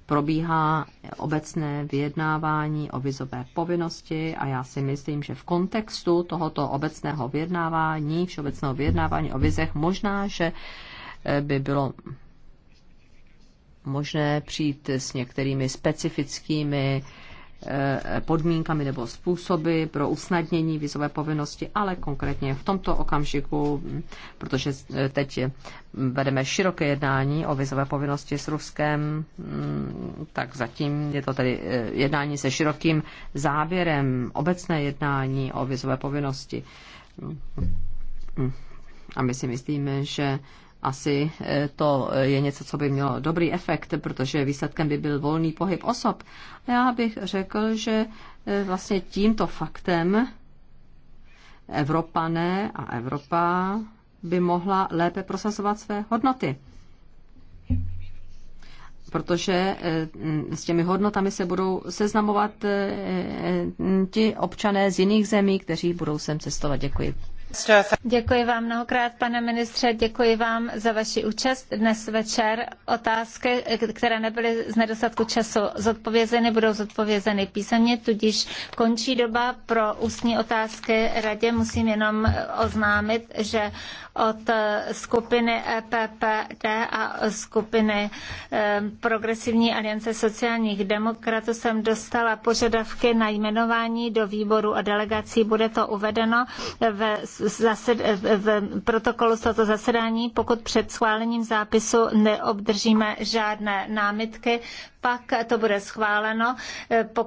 probíhá obecné vyjednávání o vizové povinnosti a já si myslím, že v kontextu tohoto obecného vyjednávání, všeobecného vyjednávání o vizech, možná, že eh, by bylo možné přijít s některými specifickými Eh, podmínkami nebo způsoby pro usnadnění vizové povinnosti, ale konkrétně v tomto okamžiku, protože eh, teď vedeme široké jednání o vizové povinnosti s Ruskem, mm, tak zatím je to tedy eh, jednání se širokým záběrem, obecné jednání o vizové povinnosti. Mm, mm. A my si myslíme, že asi eh, to eh, je něco, co by mělo dobrý efekt, protože výsledkem by byl volný pohyb osob. Já bych řekl, že eh, vlastně tímto faktem Evropané a Evropa by mohla lépe prosazovat své hodnoty. Protože s těmi hodnotami se budou seznamovat ti občané z jiných zemí, kteří budou sem cestovat. Děkuji. Děkuji vám mnohokrát, pane ministře, děkuji vám za vaši účast dnes večer. Otázky, které nebyly z nedostatku času zodpovězeny, budou zodpovězeny písemně, tudíž končí doba pro ústní otázky radě. Musím jenom oznámit, že od skupiny EPPD a skupiny eh, Progresivní aliance sociálních demokratů jsem dostala požadavky na jmenování do výboru a delegací. Bude to uvedeno v, zased, v protokolu z toto zasedání. Pokud před schválením zápisu neobdržíme žádné námitky, pak to bude schváleno. Eh, Pokra-